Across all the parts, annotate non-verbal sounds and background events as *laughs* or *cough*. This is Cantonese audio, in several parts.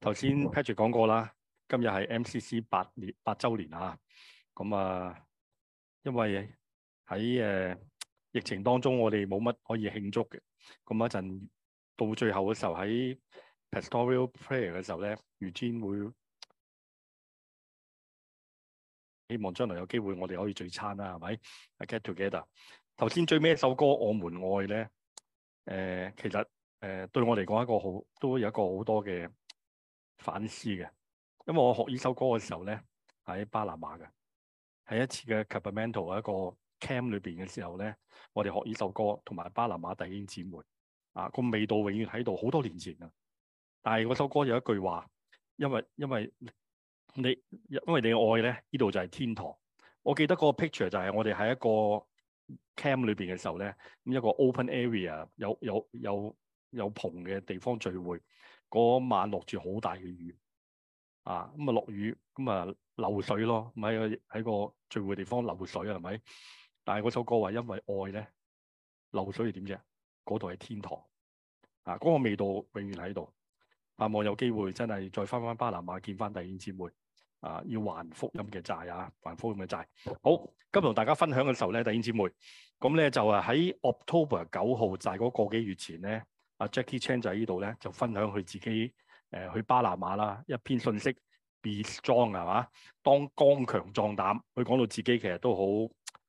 頭先 Patrick 講過啦，今日係 MCC 八年八週年啊！咁啊，因為喺誒、呃、疫情當中，我哋冇乜可以慶祝嘅。咁一陣到最後嘅時候，喺 Pastoral Prayer 嘅時候咧，Eugene 會希望將來有機會我哋可以聚餐啦，係咪？Get together。頭先最尾一首歌《我們愛》咧，誒、呃，其實誒、呃、對我嚟講一個好，都有一個好多嘅，反思嘅，因為我學呢首歌嘅時候咧，喺巴拿馬嘅，喺一次嘅 campamento 一個 camp 裏邊嘅時候咧，我哋學呢首歌同埋巴拿馬的弟兄姊妹，啊，個味道永遠喺度，好多年前啦。但係嗰首歌有一句話，因為因為你因為你嘅愛咧，呢度就係天堂。我記得嗰個 picture 就係我哋喺一個 camp 裏邊嘅時候咧，一個 open area 有有有有棚嘅地方聚會，嗰晚落住好大嘅雨啊！咁啊落雨咁啊流水咯，咪喺個聚會地方流水啊，係咪？但係嗰首歌話，因為愛咧流水係點啫？嗰度係天堂啊！嗰個味道永遠喺度，盼望有機會真係再翻翻巴拿馬見翻弟兄姊妹啊！要還福音嘅債啊，還福音嘅債。好，今日同大家分享嘅時候咧，弟兄姊妹，咁咧就係喺 October 九號債嗰個幾月前咧。阿 Jackie Chan 就喺呢度咧，就分享佢自己誒、呃、去巴拿馬啦一篇信息，be strong 係嘛？當剛強壯膽，佢講到自己其實都好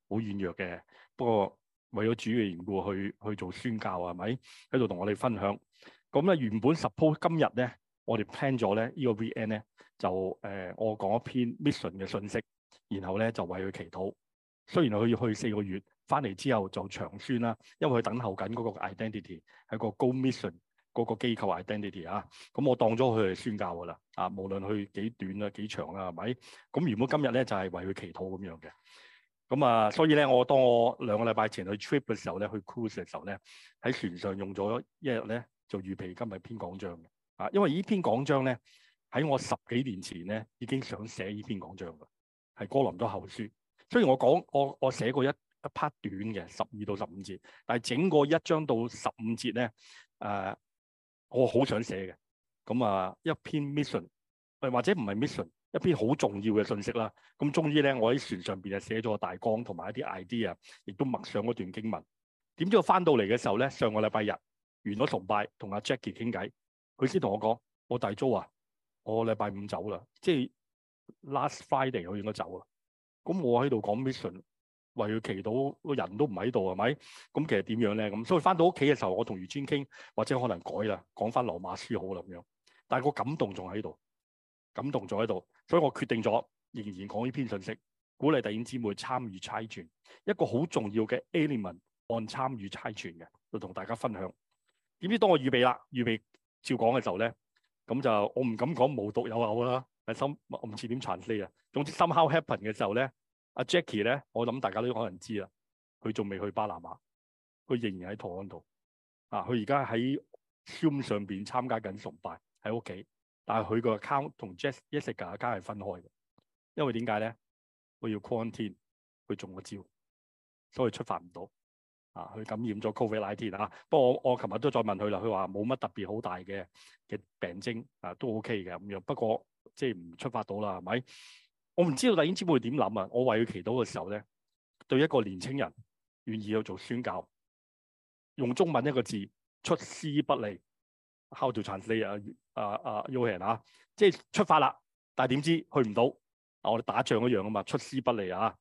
好軟弱嘅，不過為咗主要嘅緣故去去做宣教係咪？喺度同我哋分享。咁咧原本 suppose 今日咧，我哋 plan 咗咧呢個 VN 咧就誒、呃、我講一篇 mission 嘅信息，然後咧就為佢祈禱。雖然佢要去四個月，翻嚟之後就長宣啦，因為佢等候緊嗰個 identity 係個高 mission 嗰個機構 identity 啊，咁我當咗佢係宣教噶啦，啊，無論佢幾短啊幾長啊，係咪？咁原本今日咧就係、是、為佢祈禱咁樣嘅，咁啊，所以咧我當我兩個禮拜前去 trip 嘅時候咧，去 cruise 嘅時候咧，喺船上用咗一日咧做預備今日篇講章嘅，啊，因為這篇呢篇講章咧喺我十幾年前咧已經想寫呢篇講章㗎，係哥林多後書。雖然我講我我寫過一一 part 短嘅十二到十五節，但係整個一章到十五節咧，誒、呃、我好想寫嘅咁啊一篇 mission，誒或者唔係 mission，一篇好重要嘅信息啦。咁終於咧，我喺船上邊啊寫咗個大綱同埋一啲 idea，亦都默上嗰段經文。點知我翻到嚟嘅時候咧，上個禮拜日完咗崇拜，同阿 Jackie 傾偈，佢先同我講：我大租啊，我禮拜五走啦，即係 last Friday 我應該走啦。咁我喺度講 mission，為要祈禱個人都唔喺度係咪？咁其實點樣咧？咁所以翻到屋企嘅時候，我同余尊傾，或者可能改啦，講翻羅馬書好啦咁樣。但係個感動仲喺度，感動仲喺度，所以我決定咗仍然講呢篇信息，鼓勵弟兄姊妹參與差傳，一個好重要嘅 element 按參與差傳嘅，要同大家分享。點知當我預備啦，預備照講嘅時候咧，咁就我唔敢講無獨有偶啦，心唔似點殘四啊。總之 somehow happen 嘅時候咧。阿 Jackie 咧，我諗大家都可能知啦，佢仲未去巴拿馬，佢仍然喺台灣度。啊，佢而家喺 Zoom 上邊參加緊崇拜，喺屋企。但係佢個 account 同 Jessica 嘅 account 係分開嘅，因為點解咧？佢要 quarantine，佢中咗招，所以出發唔到。啊，佢感染咗 COVID-19 啊！不過我我琴日都再問佢啦，佢話冇乜特別好大嘅嘅病徵啊，都 OK 嘅咁樣。不過即係唔出發到啦，係咪？我唔知道弟兄姐妹點諗啊！我為佢祈禱嘅時候咧，對一個年青人願意去做宣教，用中文一個字出師不利，How to translate！啊啊，Yohan 啊，即係出發啦，但係點知去唔到？我哋打仗一樣啊嘛，出師不利啊！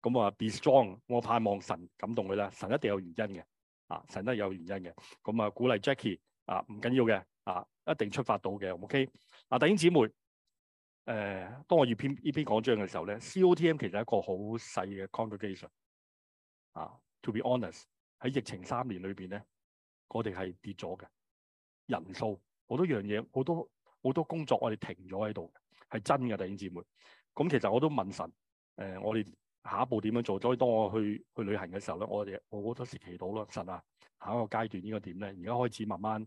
咁啊，be strong，我盼望神感動佢啦，神一定有原因嘅啊，神都有原因嘅。咁啊，啊，鼓勵 Jackie 啊，唔緊要嘅啊，一定出發到嘅，OK？嗱、啊，弟兄姐妹。誒、呃，當我要編呢篇講章嘅時候咧，COTM 其實係一個好細嘅 congregation 啊，to be honest，喺疫情三年裏邊咧，我哋係跌咗嘅人數，好多樣嘢，好多好多工作我哋停咗喺度，係真嘅弟兄姊妹。咁、嗯、其實我都問神，誒、呃，我哋下一步點樣做？所以當我去去旅行嘅時候咧，我哋我好多時祈禱咯，神啊，下一個階段應該呢個點咧，而家開始慢慢。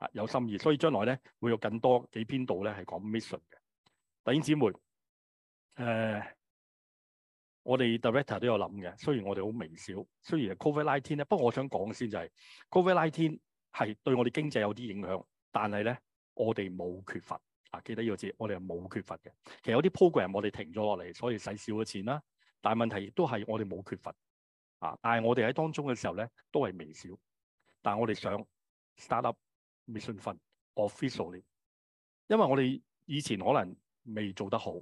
啊！有心意，所以將來咧會有更多幾篇道咧係講 mission 嘅弟兄姊妹。誒、呃，我哋 director 都有諗嘅。雖然我哋好微小，雖然 covid nineteen 咧，19，不過我想講先就係、是、covid nineteen 係對我哋經濟有啲影響，但係咧我哋冇缺乏啊！記得呢個字，我哋係冇缺乏嘅。其實有啲 program 我哋停咗落嚟，所以使少咗錢啦。但係問題亦都係我哋冇缺乏啊！但係我哋喺當中嘅時候咧都係微小，但係我哋想 startup。Mission Fund officially，因為我哋以前可能未做得好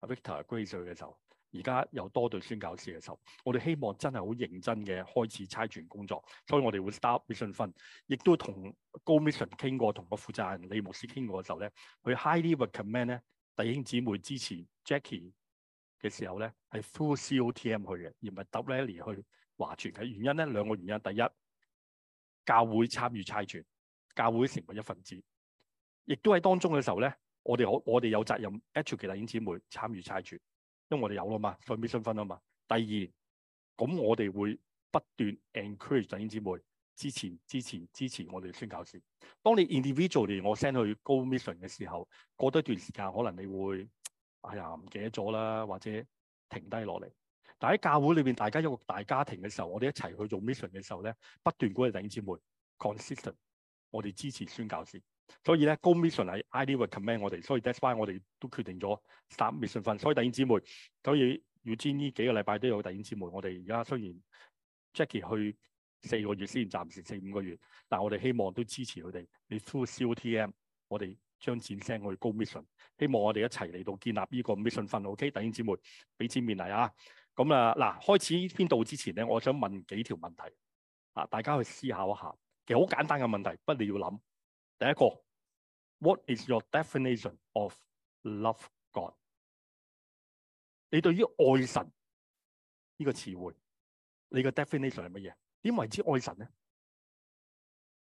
，Victor Grace 嘅時候，而家有多對宣教師嘅時候，我哋希望真係好認真嘅開始差傳工作，所以我哋會 start mission fund，亦都同高 mission 傾過，同個負責人李牧師傾過嘅時候咧，佢 highly recommend 咧弟兄姊妹支持 Jackie 嘅時候咧，係 full COTM 去嘅，而唔係 through Larry 去華傳嘅原因咧兩個原因，第一教會參與差傳。教會成為一份子，亦都喺當中嘅時候咧，我哋我哋有責任 encourage 弟兄姊妹參與差傳，因為我哋有啦嘛，分 mission fund 啊嘛。第二咁，我哋會不斷 encourage 弟兄姊妹支持支持支持我哋宣教士。當你 individually 我 send 去 go mission 嘅時候，過多一段時間，可能你會哎呀唔記得咗啦，或者停低落嚟。但喺教會裏面，大家一個大家庭嘅時候，我哋一齊去做 mission 嘅時候咧，不斷鼓勵弟兄姊妹 consistent。我哋支持宣教士，所以咧高 mission 係 i d、really、e with command 我哋，所、so、以 that's why 我哋都決定咗 start mission fund，所以弟兄姊妹，所以要知呢幾個禮拜都有弟兄姊妹，我哋而家雖然 Jackie 去四個月先，暫時四五個月，但我哋希望都支持佢哋。你 through COTM，我哋將錢 send 去高 mission，希望我哋一齊嚟到建立呢個 mission fund，OK？弟兄姊妹，俾錢面嚟啊！咁啊嗱，開始呢篇道之前咧，我想問幾條問題啊，大家去思考一下。其實好簡單嘅問題，不過你要諗。第一個，What is your definition of love God？你對於愛神呢個詞彙，你個 definition 係乜嘢？點為之愛神呢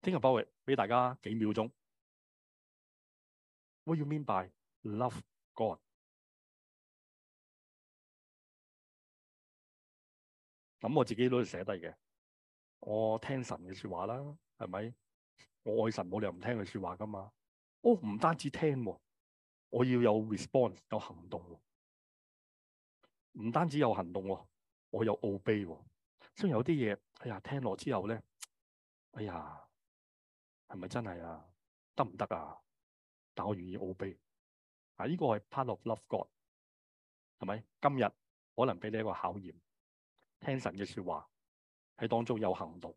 ？Think about it，俾大家幾秒鐘，what you mean by love God？咁我自己都係寫低嘅，我聽神嘅說話啦。係咪？我愛神，冇理由唔聽佢說話噶嘛？哦，唔單止聽、啊，我要有 response，有行動、啊。唔單止有行動、啊，我有 obey、啊。雖然有啲嘢，哎呀，聽落之後咧，哎呀，係咪真係啊？得唔得啊？但我願意 obey。啊，呢個係 part of love God，係咪？今日可能俾你一個考驗，聽神嘅說話，喺當中有行動。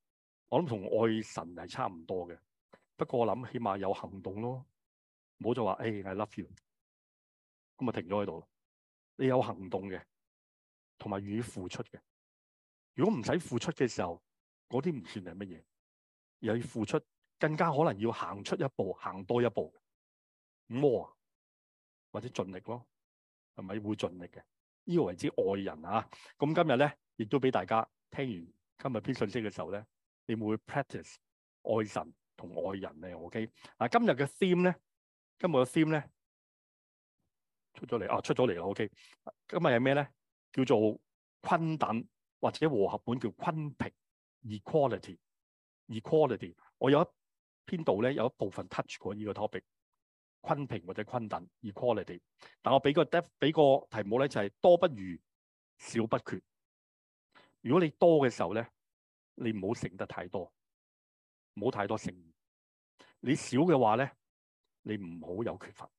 我諗同愛神係差唔多嘅，不過我諗起碼有行動咯，唔好再話誒、hey, I love you，咁咪、嗯、停咗喺度。你有行動嘅，同埋願意付出嘅。如果唔使付出嘅時候，嗰啲唔算係乜嘢。有付出，更加可能要行出一步，行多一步，摸啊，或者盡力咯，係咪會盡力嘅？呢個為之愛人啊。咁、嗯、今日咧，亦都俾大家聽完今日篇信息嘅時候咧。你會 practice 愛神同愛人嘅，OK？嗱、啊，今日嘅 theme 咧，今日嘅 theme 咧出咗嚟啊，出咗嚟啦，OK？今日係咩咧？叫做均等或者和合本叫均平 equality，equality。Equality, equality, 我有一篇度咧有一部分 touch 過呢個 topic，均平或者均等 equality。但我俾個 depth 俾個題目咧就係、是、多不如少不缺。如果你多嘅時候咧。你唔好剩得太多，唔好太多剩餘。你少嘅話咧，你唔好有缺乏。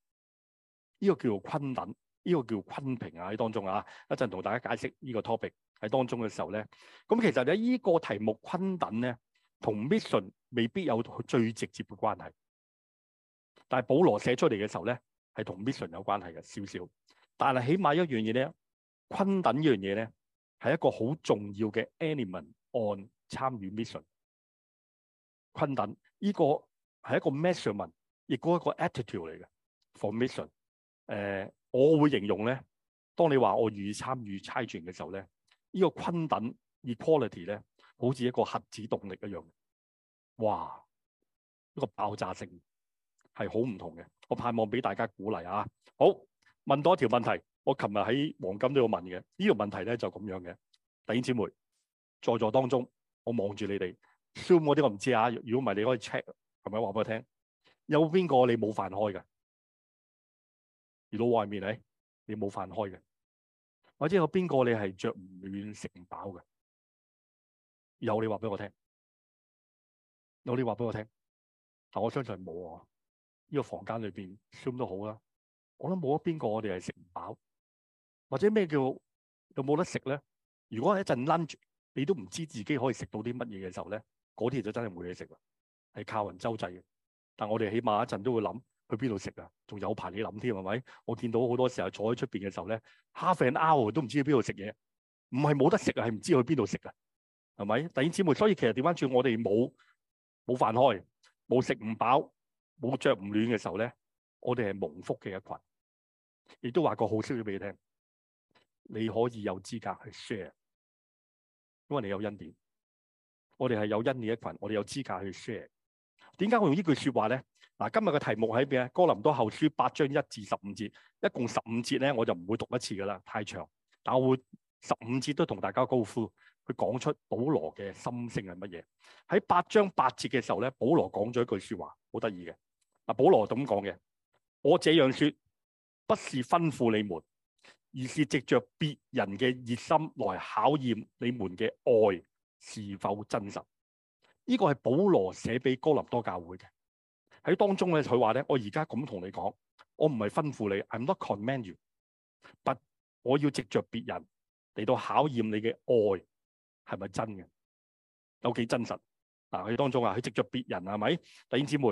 呢個叫做均等，呢個叫均平啊！喺當中啊，一陣同大家解釋呢個 topic 喺當中嘅時候咧，咁其實咧呢個題目均等咧，同 mission 未必有最直接嘅關係。但係保羅寫出嚟嘅時候咧，係同 mission 有關係嘅少少。但係起碼一樣嘢咧，均等呢樣嘢咧，係一個好重要嘅 element on。參與 mission，平等呢個係一個 measurement，亦都一個 attitude 嚟嘅 for mission。呃，我會形容咧，當你話我願意參與差傳嘅時候咧，呢個平等 equality 咧，好似一個核子動力一樣，哇，一個爆炸性係好唔同嘅。我盼望俾大家鼓勵啊！好，問多條問題。我琴日喺黃金都有問嘅，呢個問題咧就咁樣嘅。弟兄姊妹，在座當中。我望住你哋 Zoom 嗰啲，我唔知啊。如果唔係，你可以 check，係咪話俾我聽？有邊個你冇飯開嘅？而到外面咧，你冇飯開嘅，或者有邊個你係着唔暖、食唔飽嘅？有你話俾我聽，有你話俾我聽。但我相信冇啊。呢、這個房間裏邊 Zoom 都好啦，我諗冇得邊個我哋係食唔飽，或者咩叫有冇得食咧？如果一陣 lunch 你都唔知自己可以食到啲乜嘢嘅時候咧，嗰啲就真係冇嘢食啦，係靠人周濟嘅。但我哋起碼一陣都會諗去邊度食啊，仲有排你諗添係咪？我見到好多時候坐喺出邊嘅時候咧，half hour 都唔知去邊度食嘢，唔係冇得食啊，係唔知去邊度食啊，係咪？弟兄姊妹，所以其實調翻轉，我哋冇冇飯開，冇食唔飽，冇着唔暖嘅時候咧，我哋係蒙福嘅一群。亦都話個好消息俾你聽，你可以有資格去 share。因為你有恩典，我哋係有恩典的一群，我哋有資格去 share。點解我用這句話呢句說話咧？嗱，今日嘅題目喺邊咧？哥林多後書八章一至十五節，一共十五節咧，我就唔會讀一次噶啦，太長。但我會十五節都同大家高呼，去講出保羅嘅心聲係乜嘢。喺八章八節嘅時候咧，保羅講咗一句說話，好得意嘅。嗱，保羅咁講嘅，我這樣說，不是吩咐你們。而是藉着別人嘅熱心來考驗你們嘅愛是否真實。呢個係保羅寫俾哥林多教會嘅。喺當中咧，佢話咧：我而家咁同你講，我唔係吩咐你，I'm not command you，but 我要藉着別人嚟到考驗你嘅愛係咪真嘅，有幾真實。嗱，啊，喺當中啊，佢藉着別人係咪，弟兄姊妹。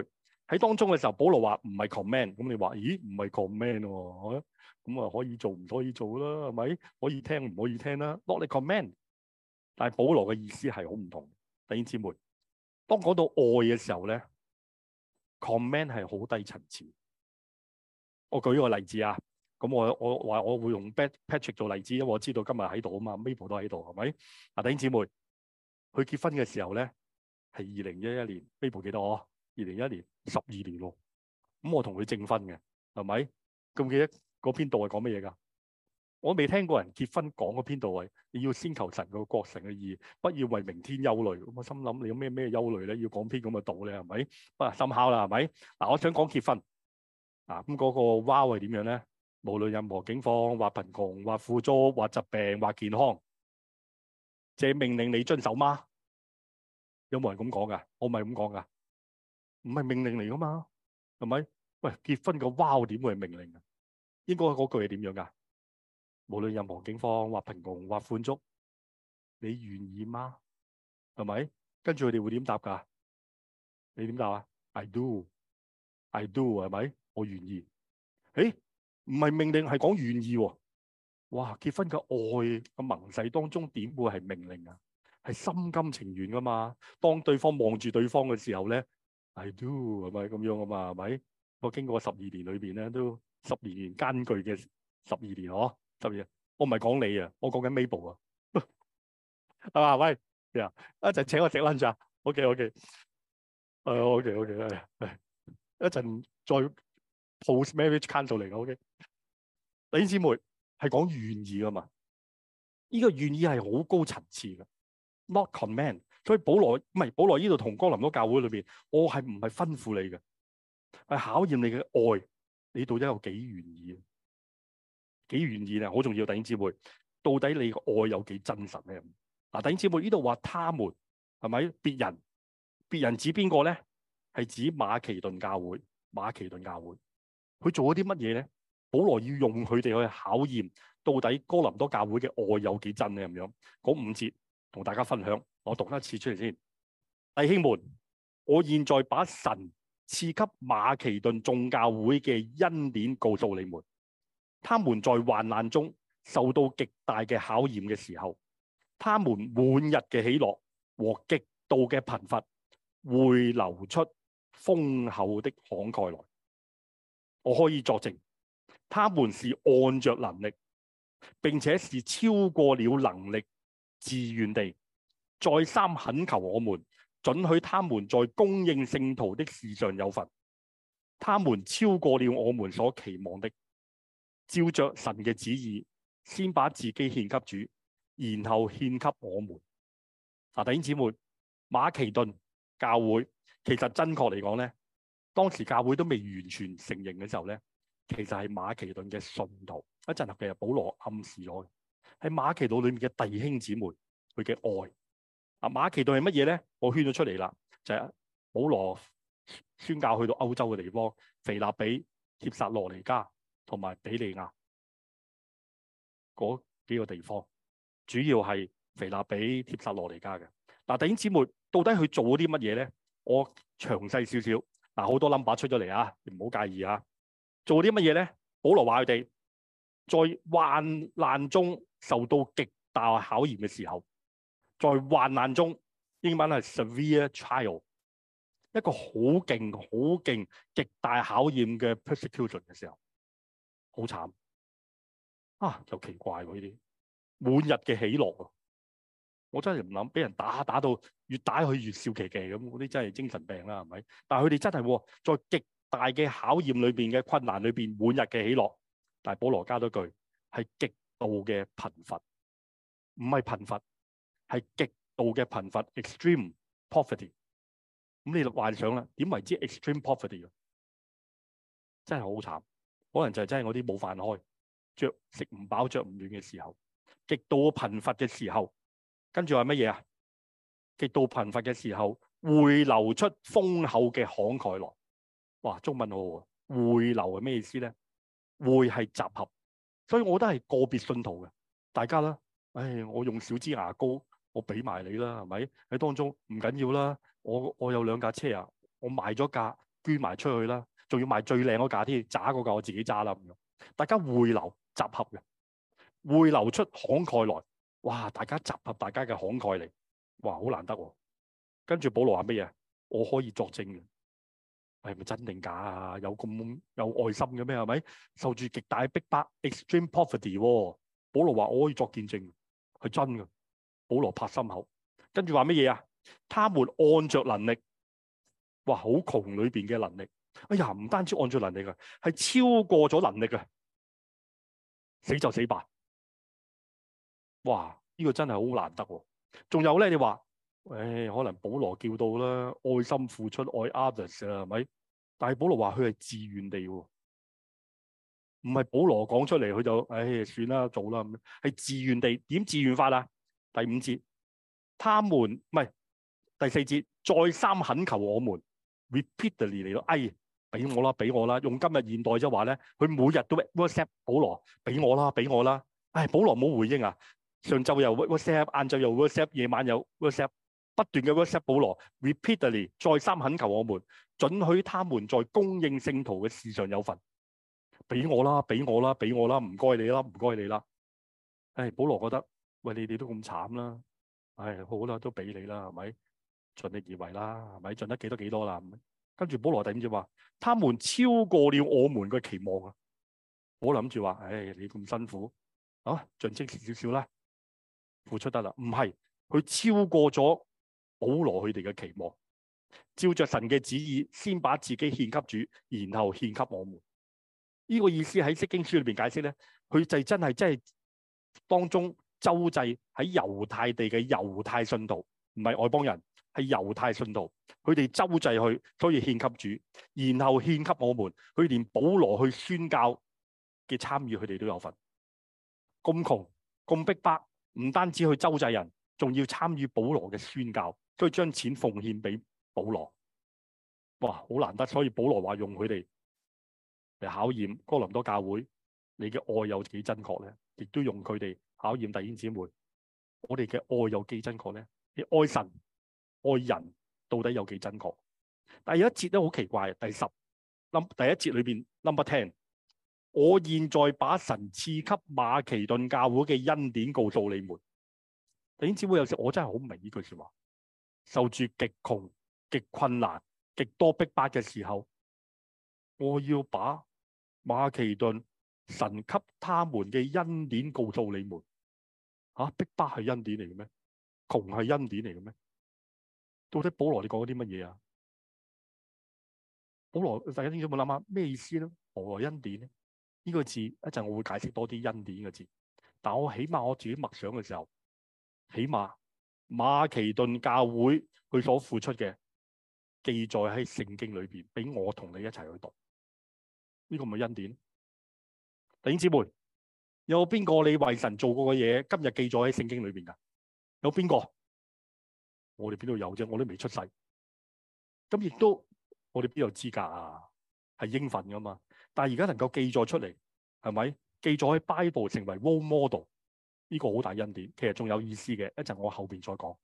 喺當中嘅時候，保羅話唔係 command，咁你話咦唔係 command 喎，咁啊，啊可以做唔可以做啦，係咪？可以聽唔可以聽啦，啊？Not command，但係保羅嘅意思係好唔同。弟兄姊妹，當講到愛嘅時候咧，command 係好低層次。我舉一個例子啊，咁我我話我會用 Patrick 做例子，因為我知道今日喺度啊嘛，Maple 都喺度係咪？啊，弟兄姊妹，佢結婚嘅時候咧係二零一一年，Maple 幾多，啊？二零一年十二年咯，咁我同佢證婚嘅，係咪？咁記得嗰篇道係講乜嘢噶？我未聽過人結婚講嗰篇道係，你要先求神個國城嘅意，不要為明天憂慮。咁我心諗你有咩咩憂慮咧？要講篇咁嘅道咧係咪？不，心、啊、考啦係咪？嗱、啊，我想講結婚啊，咁嗰個 vow 係點樣咧？無論任何境況，或貧窮，或富足、或疾病，或健康，這命令你遵守嗎？有冇人咁講噶？我唔係咁講噶。唔係命令嚟噶嘛，係咪？喂，結婚個 wow 點會係命令啊？應該嗰句係點樣噶？無論任何境況，或貧窮或寬足，你願意嗎？係咪？跟住佢哋會點答噶？你點答啊？I do，I do 係咪？我願意。誒，唔係命令係講願意。哇，結婚嘅愛嘅盟誓當中點會係命令啊？係心甘情願噶嘛？當對方望住對方嘅時候咧。I do 係咪咁樣啊？嘛係咪？我經過十二年裏邊咧，都十二年艱巨嘅十二年嗬，十二。我唔係講你啊，我講緊 Mabel 啊，係 *laughs* 嘛？喂，一、yeah. 陣請我食 lunch 啊？OK，OK。誒，OK，OK，係，係。一陣再 post marriage counselling 嚟嘅，OK。弟兄姊妹係講願意啊嘛？呢、呢個願意係好高層次嘅，not command。所以保羅唔係保羅呢度同哥林多教會裏邊，我係唔係吩咐你嘅，係考驗你嘅愛，你到底有幾願意，幾願意咧？好重要，弟兄姊妹，到底你嘅愛有幾真實咧？嗱，弟兄姊妹呢度話他們係咪？別人，別人指邊個咧？係指馬其頓教會，馬其頓教會佢做咗啲乜嘢咧？保羅要用佢哋去考驗到底哥林多教會嘅愛有幾真咧？咁樣嗰五節。同大家分享，我讀一次出嚟先。弟兄們，我現在把神賜給馬其頓眾教會嘅恩典告訴你們。他們在患難中受到極大嘅考驗嘅時候，他們每日嘅喜樂和極度嘅貧乏，會流出豐厚的慷慨來。我可以作證，他們是按着能力，並且是超過了能力。自願地再三懇求我們，准許他們在供應聖徒的事上有份。他們超過了我們所期望的，照着神嘅旨意，先把自己獻給主，然後獻給我們。啊，弟兄姊妹，馬其頓教會其實真確嚟講咧，當時教會都未完全承認嘅時候咧，其實係馬其頓嘅信徒。一陣其實保羅暗示咗。喺馬其頓裏面嘅弟兄姊妹，佢嘅愛啊！馬其頓係乜嘢咧？我圈咗出嚟啦，就係、是、保羅宣教去到歐洲嘅地方，腓立比、帖撒羅尼加同埋比利亞嗰幾個地方，主要係腓立比、帖撒羅尼加嘅。嗱，弟兄姊妹到底去做咗啲乜嘢咧？我詳細少少，嗱，好多 number 出咗嚟啊，你唔好介意啊。做啲乜嘢咧？保羅話佢哋在患難中。受到極大考驗嘅時候，在患難中，英文係 severe trial，一個好勁、好勁、極大考驗嘅 persecution 嘅時候，好慘啊！又奇怪喎、啊，呢啲滿日嘅喜樂，我真係唔諗，俾人打打到越打佢越笑奇奇咁，嗰啲真係精神病啦，係咪？但係佢哋真係喎，在極大嘅考驗裏邊嘅困難裏邊，滿日嘅喜樂。但係保羅加咗句，係極。度嘅貧乏唔係貧乏，係極度嘅貧乏 （extreme poverty）。咁你就幻想啦，點為之 extreme poverty 啊？真係好慘，可能就係真係我啲冇飯開、著食唔飽、着唔暖嘅時候，極度貧乏嘅時候。跟住話乜嘢啊？極度貧乏嘅時候會流出豐厚嘅慷慨來。哇！中文好喎，會流係咩意思咧？會係集合。所以我都係個別信徒嘅，大家啦，唉，我用小支牙膏，我俾埋你啦，係咪？喺當中唔緊要啦，我我有兩架車啊，我賣咗架捐埋出去啦，仲要賣最靚嗰架添，揸嗰架我自己揸啦咁樣。大家匯流集合嘅，匯流出慷慨來，哇！大家集合大家嘅慷慨嚟，哇，好難得喎，啊。跟住保羅話乜嘢？我可以作證嘅。係咪真定假啊？有咁有愛心嘅咩？係咪受住極大逼迫，extreme poverty？保羅話我可以作見證，係真嘅。保羅拍心口，跟住話乜嘢啊？他們按着能力，哇，好窮裏邊嘅能力。哎呀，唔單止按着能力嘅，係超過咗能力嘅，死就死吧。哇，呢個真係好難得。仲有咧，你話。誒、哎，可能保羅叫到啦，愛心付出愛 others 啦，係咪？但係保羅話佢係自願地，唔係保羅講出嚟，佢就誒算啦，做啦咁。係自願地，點自願法啊？第五節，他們唔係第四節，再三懇求我們，repeatedly 嚟到，哎，俾我啦，俾我啦。用今日現代即係話咧，佢每日都 WhatsApp 保羅，俾我啦，俾我啦。哎，保羅冇回應啊。上晝又 WhatsApp，晏晝又 WhatsApp，夜晚又 WhatsApp。不斷嘅 WhatsApp 保羅，repeatedly 再三懇求我們，准許他們在供應聖徒嘅事上有份，俾我啦，俾我啦，俾我啦，唔該你啦，唔該你啦。唉、哎，保羅覺得，喂，你哋都咁慘啦，唉、哎，好啦，都俾你啦，係咪？盡力而為啦，係咪？盡得幾多幾多啦？跟住保羅頂住話，他們超過了我們嘅期望羅、哎、啊！我諗住話，唉，你咁辛苦啊，盡職少少啦，付出得啦。唔係，佢超過咗。保羅佢哋嘅期望，照着神嘅旨意，先把自己獻給主，然後獻給我們。呢個意思喺《釋經書》裏邊解釋咧，佢就真係真係當中周濟喺猶太地嘅猶太信徒，唔係外邦人，係猶太信徒，佢哋周濟去，所以獻給主，然後獻給我們。佢連保羅去宣教嘅參與，佢哋都有份。咁窮咁逼迫，唔單止去周濟人，仲要參與保羅嘅宣教。都將錢奉獻俾保羅，哇！好難得，所以保羅話用佢哋嚟考驗哥林多教會，你嘅愛有幾真確咧？亦都用佢哋考驗弟兄姊妹，我哋嘅愛有幾真確咧？你愛神愛人到底有幾真確？但係有一節都好奇怪，第十 number 第一節裏面 number ten，我現在把神賜給馬其頓教會嘅恩典告訴你們。弟兄姊妹，有時我真係好唔明呢句説話。受住極窮、極困難、極多逼迫嘅時候，我要把馬其頓神給他們嘅恩典告訴你們。吓、啊，逼迫係恩典嚟嘅咩？窮係恩典嚟嘅咩？到底保羅你講啲乜嘢啊？保羅，大家聽咗冇諗下咩意思咧？何來恩典咧？呢個字一陣我會解釋多啲恩典嘅字，但我起碼我自己默想嘅時候，起碼。馬其頓教會佢所付出嘅記載喺聖經裏邊，俾我同你一齊去讀，呢、這個唔係恩典。弟兄姊妹，有邊個你為神做過嘅嘢，今日記載喺聖經裏邊噶？有邊個？我哋邊度有啫？我都未出世。咁亦都我哋邊有資格啊？係應份噶嘛？但係而家能夠記載出嚟，係咪記載喺 Bible 成為 role model？呢個好大恩典，其實仲有意思嘅，一陣我後邊再講。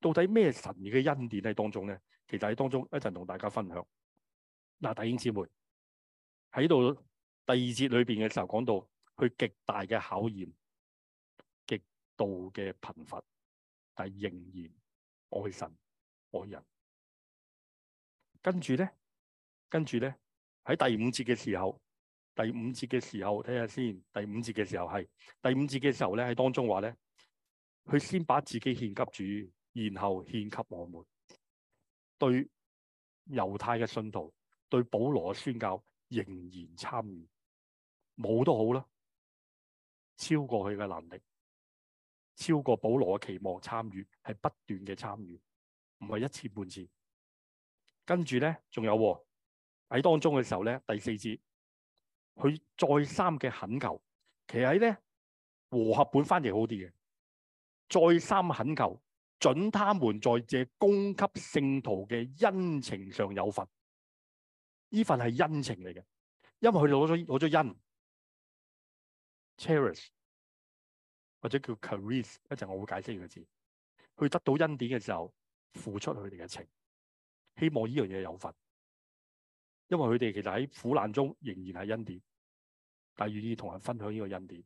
到底咩神嘅恩典喺當中咧？其實喺當中一陣同大家分享。嗱、啊，弟兄姊妹喺度第二節裏邊嘅時候講到，佢極大嘅考驗，極度嘅貧乏，但仍然愛神愛人。跟住咧，跟住咧喺第五節嘅時候。第五節嘅時候，睇下先。第五節嘅時候係第五節嘅時候咧，喺當中話咧，佢先把自己獻給主，然後獻給我們。對猶太嘅信徒，對保羅嘅宣教，仍然參與，冇都好啦。超過佢嘅能力，超過保羅嘅期望，參與係不斷嘅參與，唔係一次半次。跟住咧，仲有，喺當中嘅時候咧，第四節。佢再三嘅懇求，其實喺咧和合本翻譯好啲嘅，再三懇求，准他們在借供給聖徒嘅恩情上有份。呢份係恩情嚟嘅，因為佢哋攞咗攞咗恩，cherish 或者叫 charis，一陣我會解釋呢個字。佢得到恩典嘅時候，付出佢哋嘅情，希望呢樣嘢有份。因為佢哋其實喺苦難中仍然係恩典，但願意同人分享呢個恩典，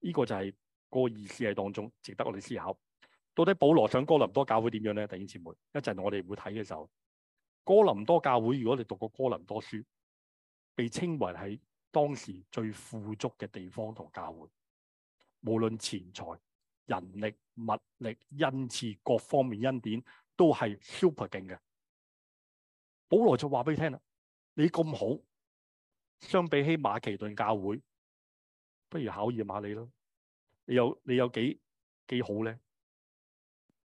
呢、這個就係個意思，喺當中值得我哋思考。到底保羅想哥林多教會點樣咧？弟兄姊妹，一陣我哋會睇嘅時候，哥林多教會，如果你讀過哥林多書，被稱為喺當時最富足嘅地方同教會，無論錢財、人力、物力、恩賜各方面的恩典都係 super 勁嘅。保羅就話俾你聽啦。你咁好，相比起馬其頓教會，不如考驗下你啦。你有你有幾幾好咧？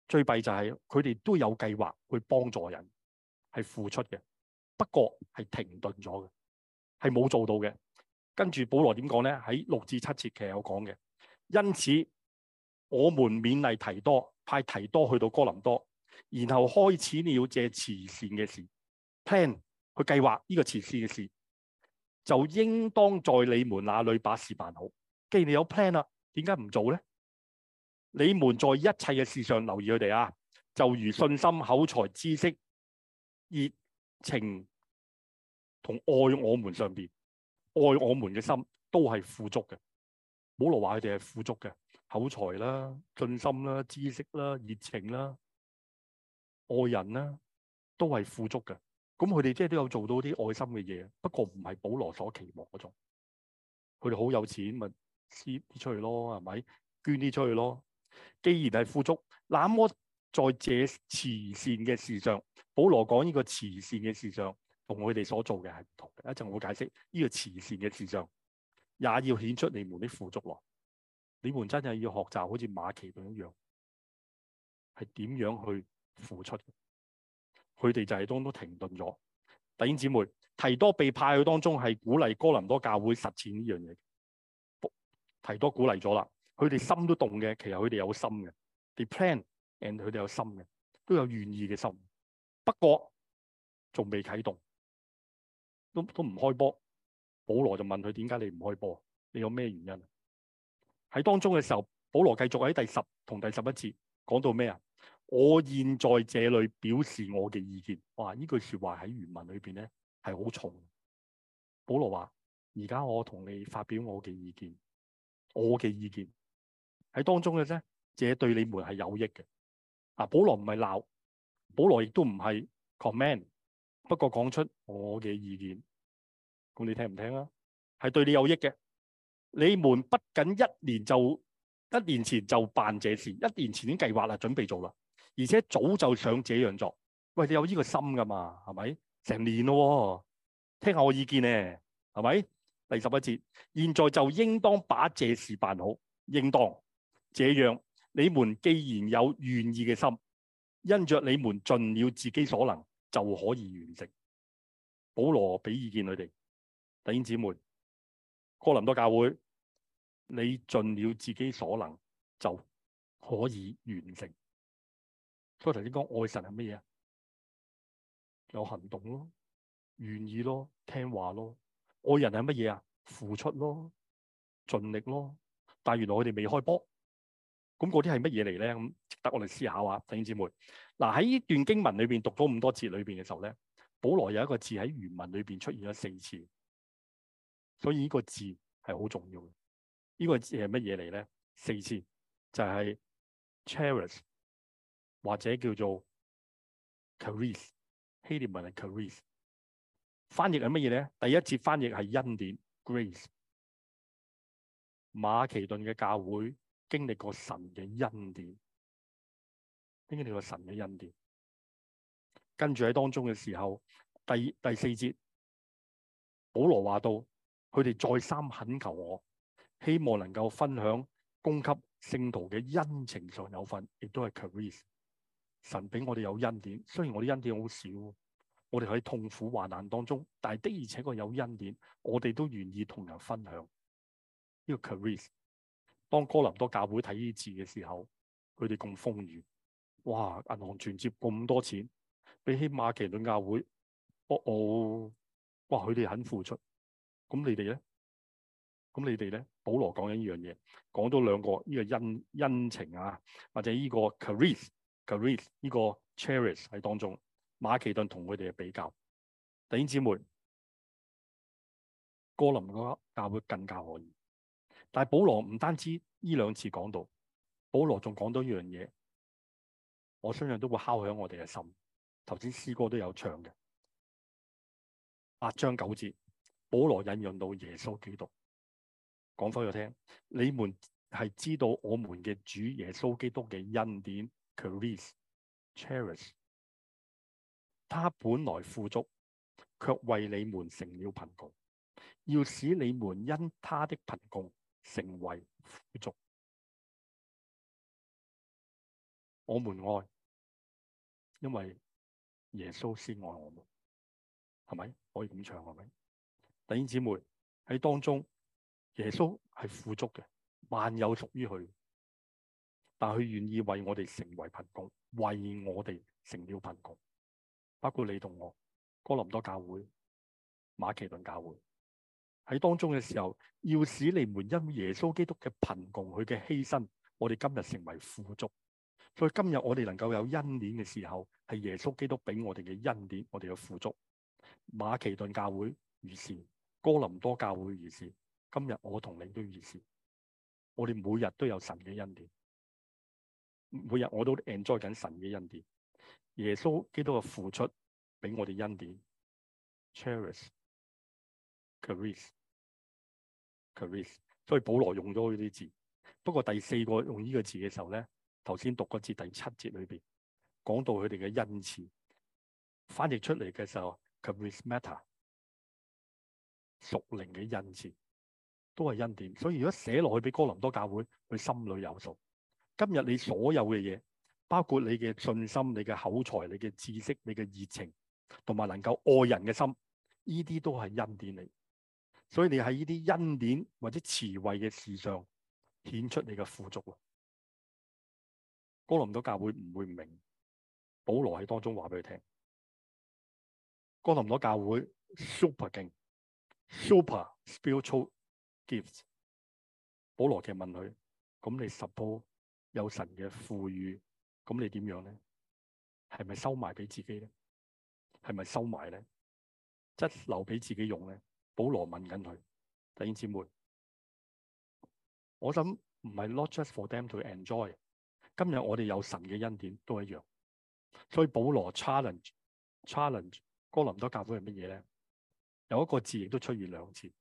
最弊就係佢哋都有計劃去幫助人，係付出嘅，不過係停頓咗嘅，係冇做到嘅。跟住保羅點講咧？喺六至七節其實有講嘅。因此，我們勉勵提多，派提多去到哥林多，然後開始你要借慈善嘅事 plan。佢計劃呢個設施嘅事，就應當在你們那裏把事辦好。既然你有 plan 啦，點解唔做咧？你們在一切嘅事上留意佢哋啊！就如信心、口才、知識、熱情同愛我們上邊，愛我們嘅心都係富足嘅。保羅話佢哋係富足嘅，口才啦、信心啦、知識啦、熱情啦、愛人啦，都係富足嘅。咁佢哋即係都有做到啲愛心嘅嘢，不過唔係保羅所期望嗰種。佢哋好有錢咪捐啲出去咯，係咪？捐啲出去咯。既然係富足，那麼在這慈善嘅事上，保羅講呢個慈善嘅事上，同佢哋所做嘅係唔同嘅。一陣我解釋呢、這個慈善嘅事上，也要顯出你們啲富足來。你們真係要學習好似馬其頓一樣，係點樣去付出。佢哋就係當都停頓咗。弟兄姊妹，提多被派去當中係鼓勵哥林多教會實踐呢樣嘢。提多鼓勵咗啦，佢哋心都動嘅，其實佢哋有心嘅，They plan，and 佢哋有心嘅，都有願意嘅心。不過仲未啟動，都都唔開波。保羅就問佢點解你唔開波？你有咩原因？喺當中嘅時候，保羅繼續喺第十同第十一節講到咩啊？我現在這裏表示我嘅意見。哇！呢句説話喺原文裏邊咧係好重的。保羅話：而家我同你發表我嘅意見，我嘅意見喺當中嘅啫，這對你們係有益嘅。嗱，保羅唔係鬧，保羅亦都唔係 command，不過講出我嘅意見。咁你聽唔聽啊？係對你有益嘅。你們不僅一年就一年前就辦這事，一年前已經計劃啦，準備做啦。而且早就想這樣做，喂，你有呢個心噶嘛？係咪成年咯？聽下我意見咧，係咪？第十一節，現在就應當把這事辦好，應當，這樣。你們既然有願意嘅心，因着你們盡了自己所能，就可以完成。保羅俾意見佢哋，弟兄姊妹，哥林多教會，你盡了自己所能，就可以完成。所以頭先講愛神係乜嘢啊？有行動咯，願意咯，聽話咯。愛人係乜嘢啊？付出咯，盡力咯。但係原來佢哋未開波，咁嗰啲係乜嘢嚟咧？咁值得我哋思考下，弟兄姊妹。嗱，喺呢段經文裏邊讀咗咁多節裏邊嘅時候咧，保羅有一個字喺原文裏邊出現咗四次，所以呢個字係好重要嘅。呢個字係乜嘢嚟咧？四次就係 cherish。或者叫做 charis 希臘文係 charis 翻譯係乜嘢咧？第一節翻譯係恩典 grace，馬其頓嘅教會經歷過神嘅恩典，經歷過神嘅恩典。跟住喺當中嘅時候，第第四節保羅話到，佢哋再三懇求我，希望能夠分享供給聖徒嘅恩情上有份，亦都係 charis 神俾我哋有恩典，雖然我哋恩典好少，我哋喺痛苦患難當中，但係的而且確有恩典，我哋都願意同人分享。呢個 Caris 當哥林多教會睇呢啲字嘅時候，佢哋咁風雨，哇！銀行存折咁多錢，比起馬其頓教會，哦哦，哇！佢哋肯付出，咁你哋咧？咁你哋咧？保羅講緊呢樣嘢，講到兩個呢個恩恩情啊，或者呢個 Caris。呢個 charis 喺當中，馬其頓同佢哋嘅比較，弟兄姊妹，哥林多教會更加可以，但係保羅唔單止呢兩次講到，保羅仲講到一樣嘢，我相信都會敲響我哋嘅心。頭先詩歌都有唱嘅，八章九節，保羅引用到耶穌基督，講翻佢聽，你們係知道我們嘅主耶穌基督嘅恩典。cherish，他本來富足，卻為你們成了貧窮，要使你們因他的貧窮成為富足。我們愛，因為耶穌先愛我們，係咪？可以咁唱係咪？弟兄姊妹喺當中，耶穌係富足嘅，萬有屬於佢。但佢願意為我哋成為貧窮，為我哋成了貧窮，包括你同我，哥林多教會、馬其頓教會喺當中嘅時候，要使你們因耶穌基督嘅貧窮，佢嘅犧牲，我哋今日成為富足。所以今日我哋能夠有恩典嘅時候，係耶穌基督俾我哋嘅恩典，我哋嘅富足。馬其頓教會如是，哥林多教會如是，今日我同你都如是。我哋每日都有神嘅恩典。每日我都 enjoy 緊神嘅恩典，耶穌基督嘅付出俾我哋恩典，cherish，cherish，cherish。所以保羅用咗呢啲字，不過第四個用呢個字嘅時候咧，頭先讀個節第七節裏邊講到佢哋嘅恩賜，翻譯出嚟嘅時候，charis matter，屬靈嘅恩賜，都係恩典。所以如果寫落去俾哥林多教會，佢心裏有數。今日你所有嘅嘢，包括你嘅信心、你嘅口才、你嘅知識、你嘅熱情，同埋能夠愛人嘅心，呢啲都係恩典嚟。所以你喺呢啲恩典或者慈惠嘅事上顯出你嘅富足。哥林多教會唔會唔明，保羅喺當中話俾佢聽。哥林多教會 super 勁，super spiritual gifts。保羅嘅問佢：咁你 support？有神嘅賦予，咁你點樣咧？係咪收埋俾自己咧？係咪收埋咧？即留俾自己用咧？保羅問緊佢，弟兄姊妹，我諗唔係 not just for them to enjoy。今日我哋有神嘅恩典都一樣，所以保羅 challenge challenge。哥林多教會係乜嘢咧？有一個字亦都出現兩次，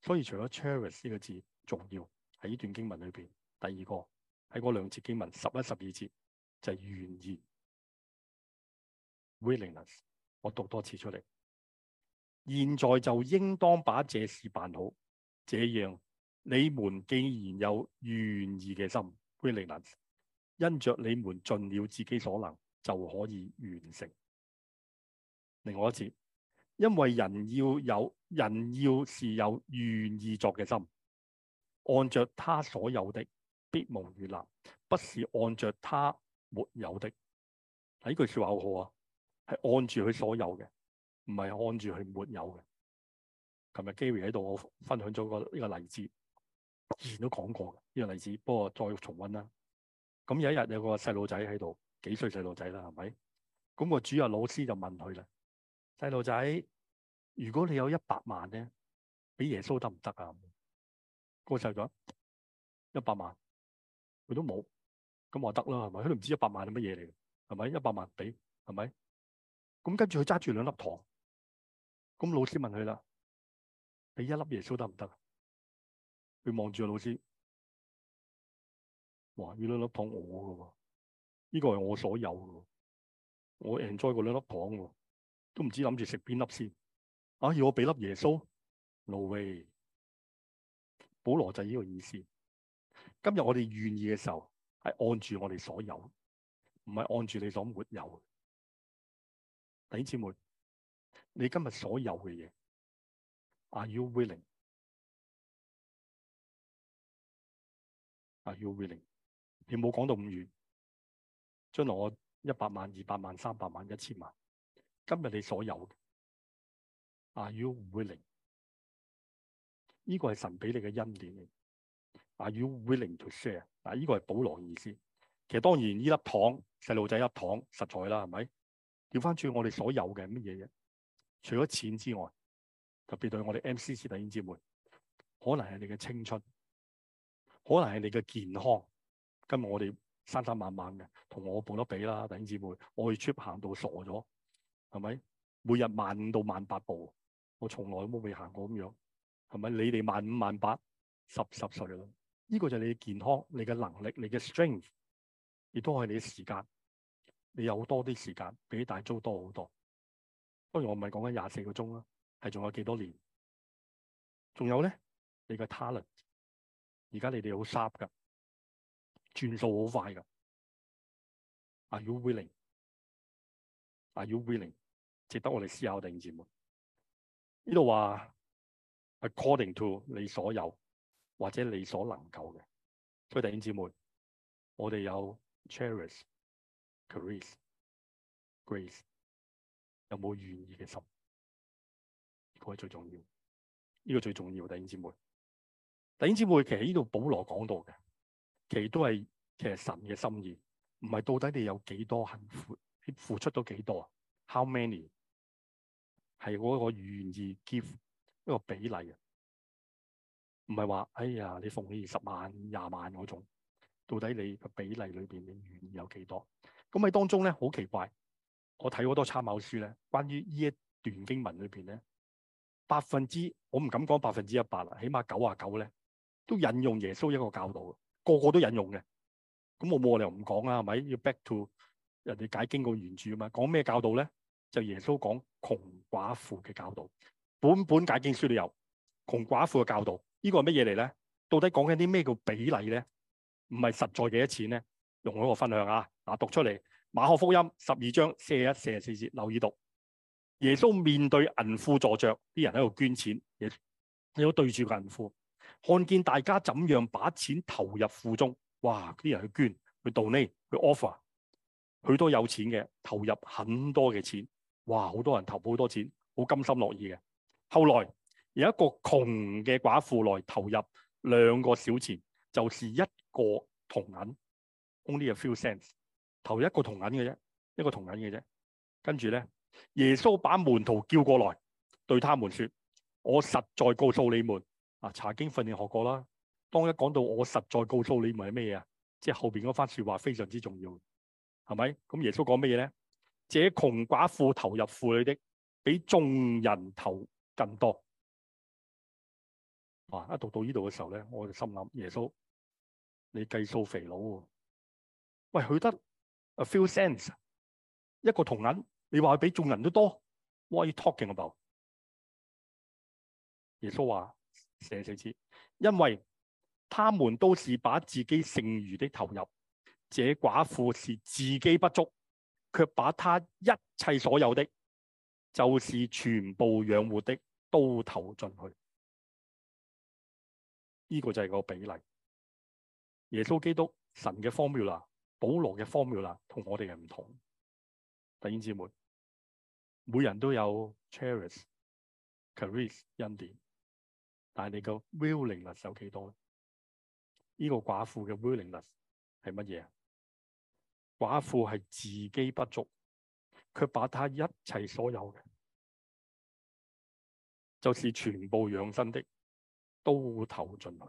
所以除咗 cherish 呢個字重要喺呢段經文裏邊，第二個。喺嗰兩節經文十一、十二節就係願意 （willingness），我讀多次出嚟。現在就應當把這事辦好，這樣你們既然有願意嘅心 （willingness），因着你們盡了自己所能，就可以完成。另外一次，因為人要有，人要是有願意作嘅心，按着他所有的。必蒙悅納，不是按着他沒有的。喺句說話好啊，係按住佢所有嘅，唔係按住佢沒有嘅。琴日 Gary 喺度，我分享咗個呢個例子，以前都講過呢、呢個例子，不過再重溫啦。咁有一日有個細路仔喺度，幾歲細路仔啦？係咪？咁、個主日老師就問佢啦：細路仔，如果你有一百萬咧，俾耶穌得唔得啊？個細路一百萬。佢都冇，咁話得啦，係咪？佢都唔知一百萬係乜嘢嚟，係咪？一百萬俾，係咪？咁跟住佢揸住兩粒糖，咁老師問佢啦：「俾一粒耶穌得唔得？佢望住個老師，哇！呢兩粒糖我噶，呢個係我所有噶，我 enjoy 個兩粒糖喎。」都唔知諗住食邊粒先。啊，要我俾粒耶穌？No way！保羅就係呢個意思。今日我哋願意嘅時候，係按住我哋所有，唔係按住你所沒有。弟兄姊妹，你今日所有嘅嘢，Are you willing？Are you willing？你冇講到五月，將來我一百萬、二百萬、三百萬、一千萬，今日你所有嘅，Are you willing？呢個係神俾你嘅恩典。Are you willing to share？啊，依個係保羅嘅意思。其實當然，依粒糖細路仔一粒糖實在啦，係咪？調翻轉我哋所有嘅乜嘢嘢，除咗錢之外，特別對我哋 MCC 弟兄姊妹，可能係你嘅青春，可能係你嘅健康。今日我哋山山萬萬嘅，同我部得比啦，弟兄姊妹。我 trip 行到傻咗，係咪？每日萬五到萬八步，我從來都冇未行過咁樣，係咪？你哋萬五萬八，18，濕濕碎。呢個就係你嘅健康，你嘅能力，你嘅 strength，亦都係你嘅時間。你有多啲時間，比大租多好多。當然我不如我唔係講緊廿四個鐘啦，係仲有幾多年？仲有咧，你嘅 talent。而家你哋好 sharp 噶，轉數好快噶。Are you willing？Are you willing？值得我哋思考定唔定？呢度話 according to 你所有。或者你所能夠嘅，所以弟兄姊妹，我哋有 cherish charis grace，有冇願意嘅心？呢、這個係最重要，呢、這個最重要。弟兄姊妹，弟兄姊妹，其實呢度保羅講到嘅，其實都係其實神嘅心意，唔係到底你有幾多辛苦付出到幾多啊？How many 係嗰個願意 give 一個比例唔係話哎呀，你奉起二十萬、廿萬嗰種，到底你個比例裏邊你願意有幾多？咁喺當中咧，好奇怪，我睇好多參考書咧，關於呢一段經文裏邊咧，百分之我唔敢講百分之一百啦，起碼九啊九咧，都引用耶穌一個教導，個個都引用嘅。咁我冇理由唔講啊，係咪？要 back to 人哋解經個原著啊嘛，講咩教導咧？就耶穌講窮寡婦嘅教導，本本解經書裏有窮寡婦嘅教導。這個什麼呢個係乜嘢嚟咧？到底講緊啲咩叫比例咧？唔係實在幾多錢咧？容我分享啊。嗱，讀出嚟，《馬可福音》十二章四一四四節，留意讀。耶穌面對銀庫坐着，啲人喺度捐錢，有對住銀庫，看見大家怎樣把錢投入庫中。哇！啲人去捐，去 donate 去 offer，許多有錢嘅投入很多嘅錢。哇！好多人投好多錢，好甘心樂意嘅。後來有一個窮嘅寡婦來投入兩個小錢，就是一個銅銀，Only a few cents，投一個銅銀嘅啫，一個銅銀嘅啫。跟住咧，耶穌把門徒叫過來，對他們說：我實在告訴你們，啊，查經訓練學過啦。當一講到我實在告訴你們係咩嘢啊，即係後邊嗰番說話非常之重要，係咪？咁耶穌講咩嘢咧？這窮寡婦投入庫裏的，比眾人投更多。哇！一讀到呢度嘅時候咧，我就心諗耶穌，你計數肥佬，喂佢得 a few cents 一個銅銀，你話佢比眾人都多，what are you talking about？」耶穌話四四節，因為他們都是把自己剩餘的投入，這寡婦是自己不足，卻把他一切所有的，就是全部養活的，都投進去。呢個就係個比例。耶穌基督神嘅 Formula，保羅嘅 Formula 同我哋嘅唔同。弟兄姊妹，每人都有 charis、charis、恩典，但係你嘅 willingness 有幾多呢？呢、這個寡婦嘅 willingness 係乜嘢啊？寡婦係自己不足，佢把他一切所有嘅，就是全部養生的，都投進去。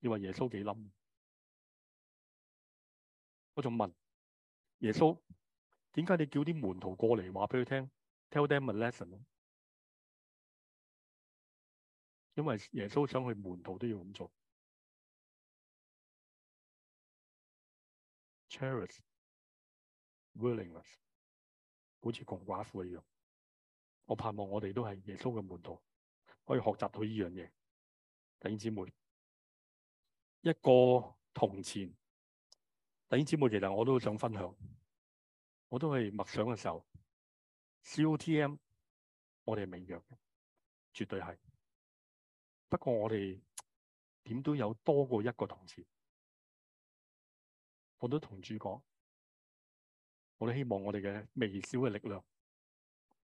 你話耶穌幾冧？我仲問耶穌，點解你叫啲門徒過嚟話俾佢聽？Tell them a lesson。因為耶穌想去，門徒都要咁做。Cherish willingness，好似窮寡婦一樣。我盼望我哋都係耶穌嘅門徒，可以學習到呢樣嘢。弟兄姊妹，一個銅錢。弟兄姐妹，其實我都想分享，我都係默想嘅時候，COTM 我哋係微弱嘅，絕對係。不過我哋點都有多過一個銅錢。我都同主講，我都希望我哋嘅微小嘅力量。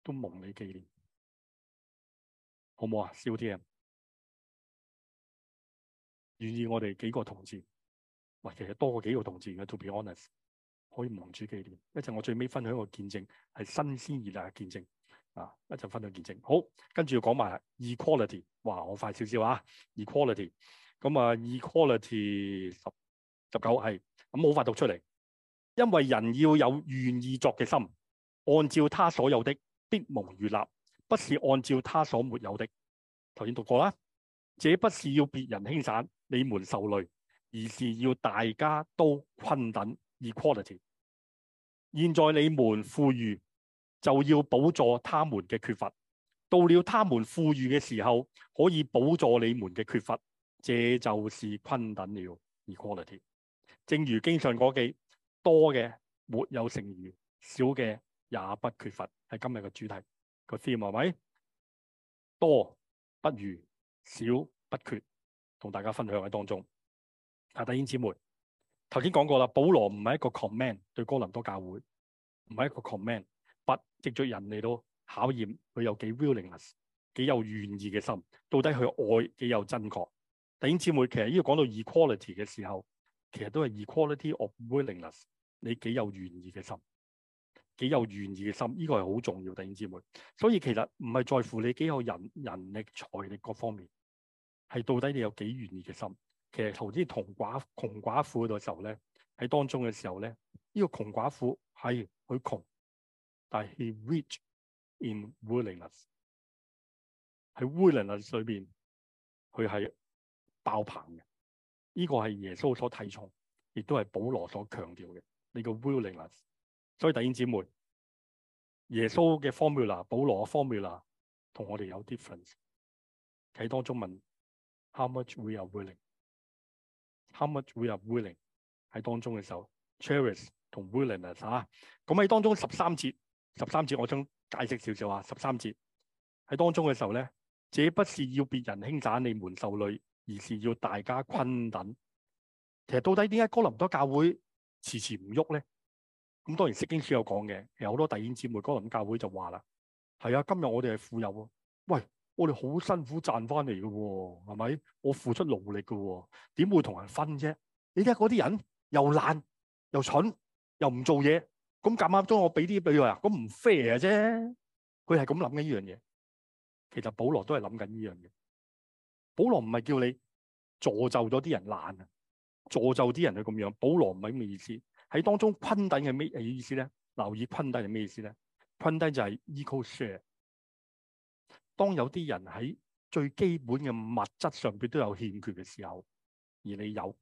都蒙你紀念，好唔好啊？少啲 m 願意我哋幾個同志，哇，其實多過幾個同志嘅。To be honest，可以蒙主紀念。一陣我最尾分享一個見證，係新鮮熱辣嘅見證啊，一陣分享見證。好，跟住要講埋 equality。E、quality，哇，我快少少啊，equality。咁啊，equality 十十九係咁好快讀出嚟，因為人要有願意作嘅心，按照他所有的。必蒙預立，不是按照他所沒有的。頭先讀過啦，這不是要別人輕省，你們受累，而是要大家都均等 （equality）。現在你們富裕，就要補助他們嘅缺乏；到了他們富裕嘅時候，可以補助你們嘅缺乏。這就是均等了 （equality）。正如經上所記：多嘅沒有剩餘，少嘅也不缺乏。係今日嘅主題個 theme 係咪多不如少不缺，同大家分享喺當中。啊，弟兄姊妹，頭先講過啦，保羅唔係一個 command 對哥林多教會，唔係一個 command，不藉著人嚟到考驗佢有幾 willingness，幾有願意嘅心，到底佢愛幾有真確？弟兄姊妹，其實呢個講到 equality 嘅時候，其實都係 equality of willingness，你幾有願意嘅心。幾有願意嘅心，呢、這個係好重要，弟兄姊妹。所以其實唔係在乎你幾有人人力財力各方面，係到底你有幾願意嘅心。其實頭先窮寡窮寡婦嗰時候咧，喺當中嘅時候咧，呢、這個窮寡，寡婦係佢窮，但係 he rich in willingness，喺 willingness 裏邊，佢係爆棚嘅。呢、這個係耶穌所睇重，亦都係保羅所強調嘅。你、這個 willingness。所以弟兄姊妹，耶穌嘅 formula，保羅嘅 formula，同我哋有 difference。喺當中問，how much we are willing，how much we are willing，喺當中嘅時候，cherish 同 willingness 嚇、啊。咁喺當中十三節，十三節我想解釋少少話，十三節喺當中嘅時候咧，這不是要別人輕省你們受累，而是要大家均等。其實到底點解哥林多教會遲遲唔喐咧？咁當然有的《聖經書》有講嘅，有好多弟兄姊妹嗰輪教會就話啦，係啊，今日我哋係富有喎，喂，我哋好辛苦賺翻嚟嘅喎，係咪？我付出勞力嘅喎，點會同人分啫？你睇下嗰啲人又懶又蠢又唔做嘢，咁咁啱都我俾啲俾佢啊，咁唔 fair 嘅啫。佢係咁諗緊呢樣嘢。其實保羅都係諗緊呢樣嘢。保羅唔係叫你助咒咗啲人懶啊，助咒啲人去咁樣。保羅唔係咁嘅意思。喺當中困底係咩意思咧？留意困底係咩意思咧？困底就係 equal share。當有啲人喺最基本嘅物質上邊都有欠缺嘅時候，而你有，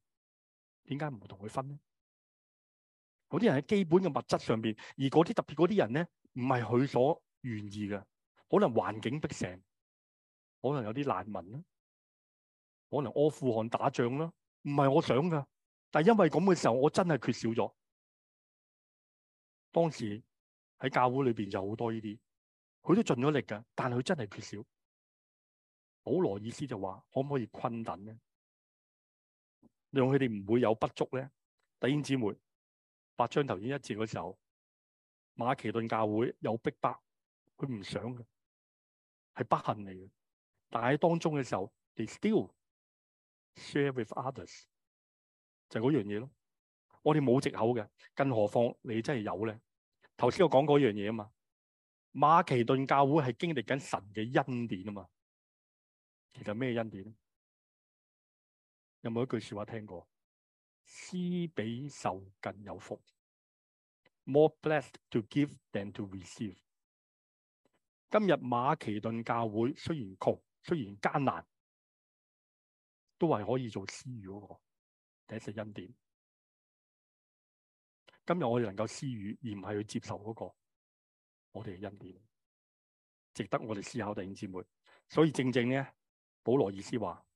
點解唔同佢分呢？有啲人喺基本嘅物質上邊，而嗰啲特別嗰啲人咧，唔係佢所願意嘅，可能環境逼成，可能有啲難民啦，可能阿富汗打仗啦，唔係我想噶，但係因為咁嘅時候，我真係缺少咗。當時喺教會裏邊有好多呢啲，佢都盡咗力㗎，但係佢真係缺少。保羅意思就話，可唔可以均等呢？讓佢哋唔會有不足咧？弟兄姊妹，八章頭先一節嘅時候，馬其頓教會有逼迫，佢唔想嘅，係不幸嚟嘅，但係喺當中嘅時候，They still share with others，就係嗰樣嘢咯。我哋冇藉口嘅，更何況你真係有咧。頭先我講嗰樣嘢啊嘛，馬其頓教會係經歷緊神嘅恩典啊嘛。其實咩恩典？有冇一句說話聽過？施比受更有福。More blessed to give than to receive。今日馬其頓教會雖然窮，雖然艱難，都係可以做施予嗰個，第一隻恩典。今日我哋能夠施予，而唔係去接受嗰、那個我哋嘅恩典，值得我哋思考。弟兄姊妹，所以正正咧，保羅意思話，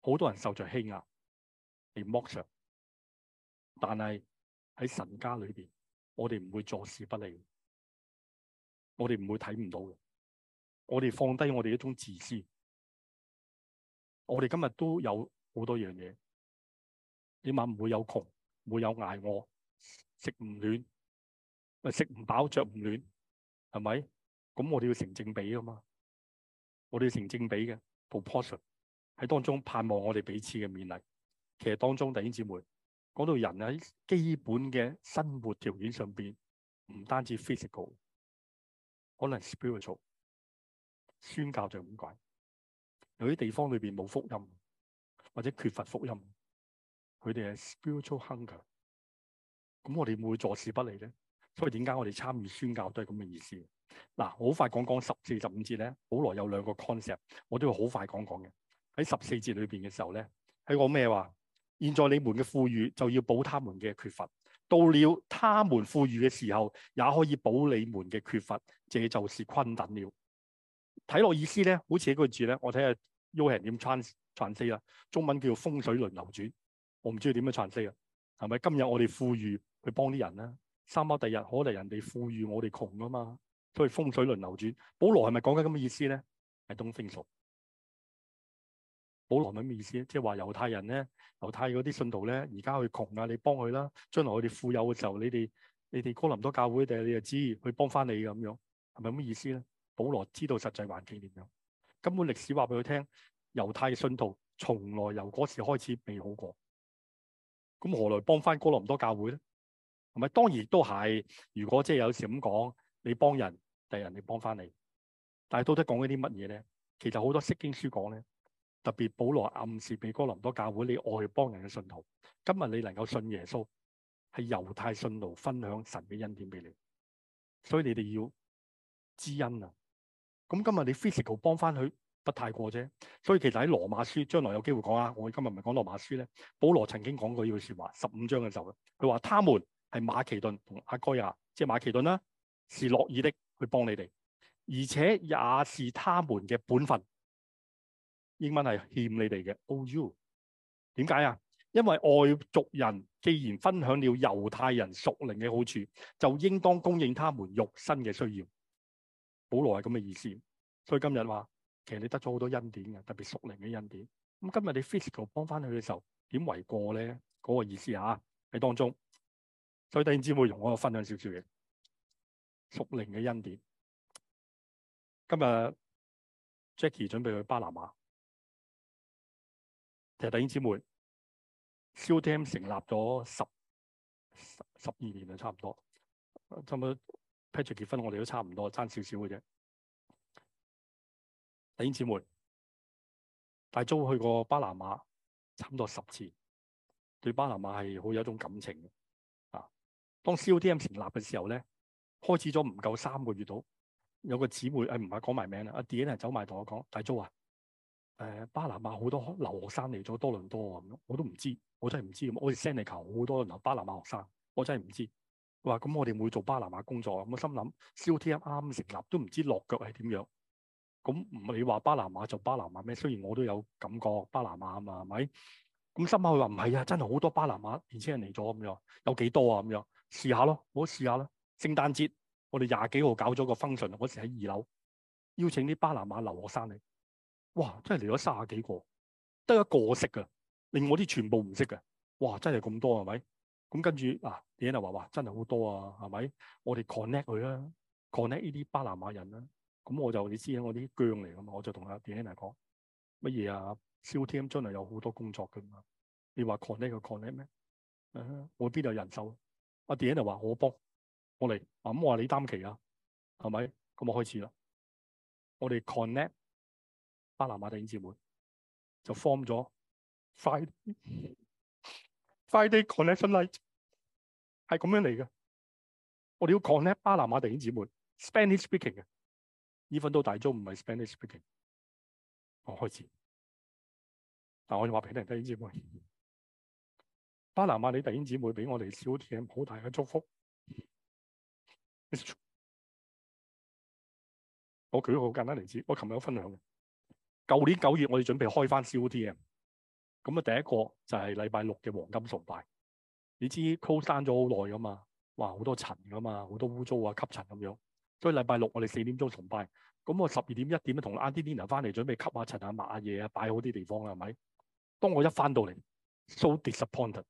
好多人受着欺壓，被剝削，但係喺神家裏邊，我哋唔會坐視不理，我哋唔會睇唔到嘅，我哋放低我哋一種自私，我哋今日都有好多樣嘢，起碼唔會有窮，唔會有捱餓。食唔暖，咪食唔飽，着唔暖，係咪？咁我哋要成正比噶嘛？我哋要成正比嘅 proportion 喺當中盼望我哋彼此嘅勉勵。其實當中，弟兄姊妹講到人喺基本嘅生活條件上邊，唔單止 physical，可能 spiritual。宣教就唔怪，有啲地方裏邊冇福音，或者缺乏福音，佢哋係 spiritual hunger。咁我哋會坐視不理咧？所以點解我哋參與宣教都係咁嘅意思？嗱，好快講講十四節、十五節咧，保羅有兩個 concept，我都會好快講講嘅。喺十四節裏面嘅時候咧，喺講咩話？現在你們嘅富裕就要補他們嘅缺乏，到了他們富裕嘅時候，也可以補你們嘅缺乏，這就是均等了。睇落意思咧，好似個句字咧，我睇下 U 型點 t r a n t r a n s 啦，中文叫做風水輪流轉，我唔知佢點樣 t r a n s 啊，係咪今日我哋富裕？去幫啲人啦，三巴第日可能人哋富裕，我哋窮噶嘛，所以風水輪流轉。保羅係咪講緊咁嘅意思咧？係東升熟，保羅係咪咩意思呢？即係話猶太人咧，猶太嗰啲信徒咧，而家去窮啊，你幫佢啦，將來我哋富有嘅時候，你哋你哋哥林多教會，第日你就知去幫翻你咁樣，係咪咁嘅意思咧？保羅知道實際環境點樣，根本歷史話俾佢聽，猶太嘅信徒從來由嗰時開始未好過，咁何來幫翻哥林多教會咧？同埋當然都係，如果即係有時咁講，你幫人，第日人你幫翻你，但係到底講緊啲乜嘢咧？其實好多釋經書講咧，特別保羅暗示俾哥林多教會，你愛去幫人嘅信徒，今日你能夠信耶穌，係猶太信徒分享神嘅恩典俾你，所以你哋要知恩啊！咁今日你 physical 幫翻佢，不太過啫。所以其實喺羅馬書將來有機會講啊，我今日唔係講羅馬書咧，保羅曾經講過一句說話，十五章嘅時候，佢話他們。係馬其頓同阿哥亞，即係馬其頓啦，啊，是樂意的去幫你哋，而且也是他們嘅本分。英文係欠你哋嘅，owe you。點解啊？因為外族人既然分享了猶太人屬靈嘅好處，就應當供應他們肉身嘅需要。保羅係咁嘅意思，所以今日話其實你得咗好多恩典嘅，特別屬靈嘅恩典。咁今日你 physical 幫翻佢嘅時候，點為過咧？嗰，那個意思嚇、啊、喺當中。所以弟兄姊妹，容我分享少少嘢。屬靈嘅恩典。今日 Jackie 準備去巴拿馬。其實弟兄姊妹，COTM 成立咗十十,十二年啦，差唔多。差唔多 Patrick 結婚，我哋都差唔多，爭少少嘅啫。弟兄姊妹，大租去過巴拿馬，差唔多十次，對巴拿馬係好有一種感情當 COTM 成立嘅時候咧，開始咗唔夠三個月度，有個姊妹誒唔係講埋名啦，阿 Din 係走埋同我講，大租啊，誒、呃、巴拿馬好多留學生嚟咗多倫多啊咁樣，我都唔知，我真係唔知，我哋 send 嚟求好多留巴拿馬學生，我真係唔知。佢話，咁我哋會做巴拿馬工作，咁我心諗 COTM 啱成立都唔知落腳係點樣，咁唔係你話巴拿馬做巴拿馬咩？雖然我都有感覺巴拿馬啊嘛，係咪？咁心下佢話唔係啊，真係好多巴拿馬年輕人嚟咗咁樣，有幾多啊咁樣？試下咯，我試下啦。聖誕節我哋廿幾號搞咗個 function，嗰時喺二樓邀請啲巴拿馬留學生嚟，哇！真係嚟咗卅幾個，得一個識嘅，另外啲全部唔識嘅。哇！真係咁多係咪？咁跟住啊，Diana 話話真係好多啊，係咪？我哋 connect 佢啦，connect 呢啲巴拿馬人啦、啊。咁我就你知啊，我啲僵嚟㗎嘛，我就同阿 Diana 講乜嘢啊？COTM 將來有好多工作㗎嘛，你話 connect 佢 connect 咩、啊？我邊度有人手？我點就話我幫我嚟，咁、嗯、我話你擔旗啊，係咪？咁我開始啦。我哋 connect 巴拿馬弟兄姊妹，就 form 咗 Friday connection light，係咁樣嚟嘅。我哋要 connect 巴拿馬弟兄姊妹，Spanish-speaking 嘅，依份都大眾唔係 Spanish-speaking。我開始，嗱，我就話俾你聽弟兄姊妹。巴拿馬你弟兄姊妹俾我哋 COTM 好大嘅祝福我。我舉一個簡單例子，我琴日有分享嘅。舊年九月我哋準備開翻 COTM，咁啊第一個就係禮拜六嘅黃金崇拜。你知 Co 閂咗好耐噶嘛，哇好多塵噶嘛，好多污糟啊，吸塵咁樣。所以禮拜六我哋四點鐘崇拜，咁我十二點一點咧同阿 Dinner 翻嚟準備吸下塵啊，抹下嘢啊,啊,啊,啊，擺好啲地方啦，係咪？當我一翻到嚟，so disappointed。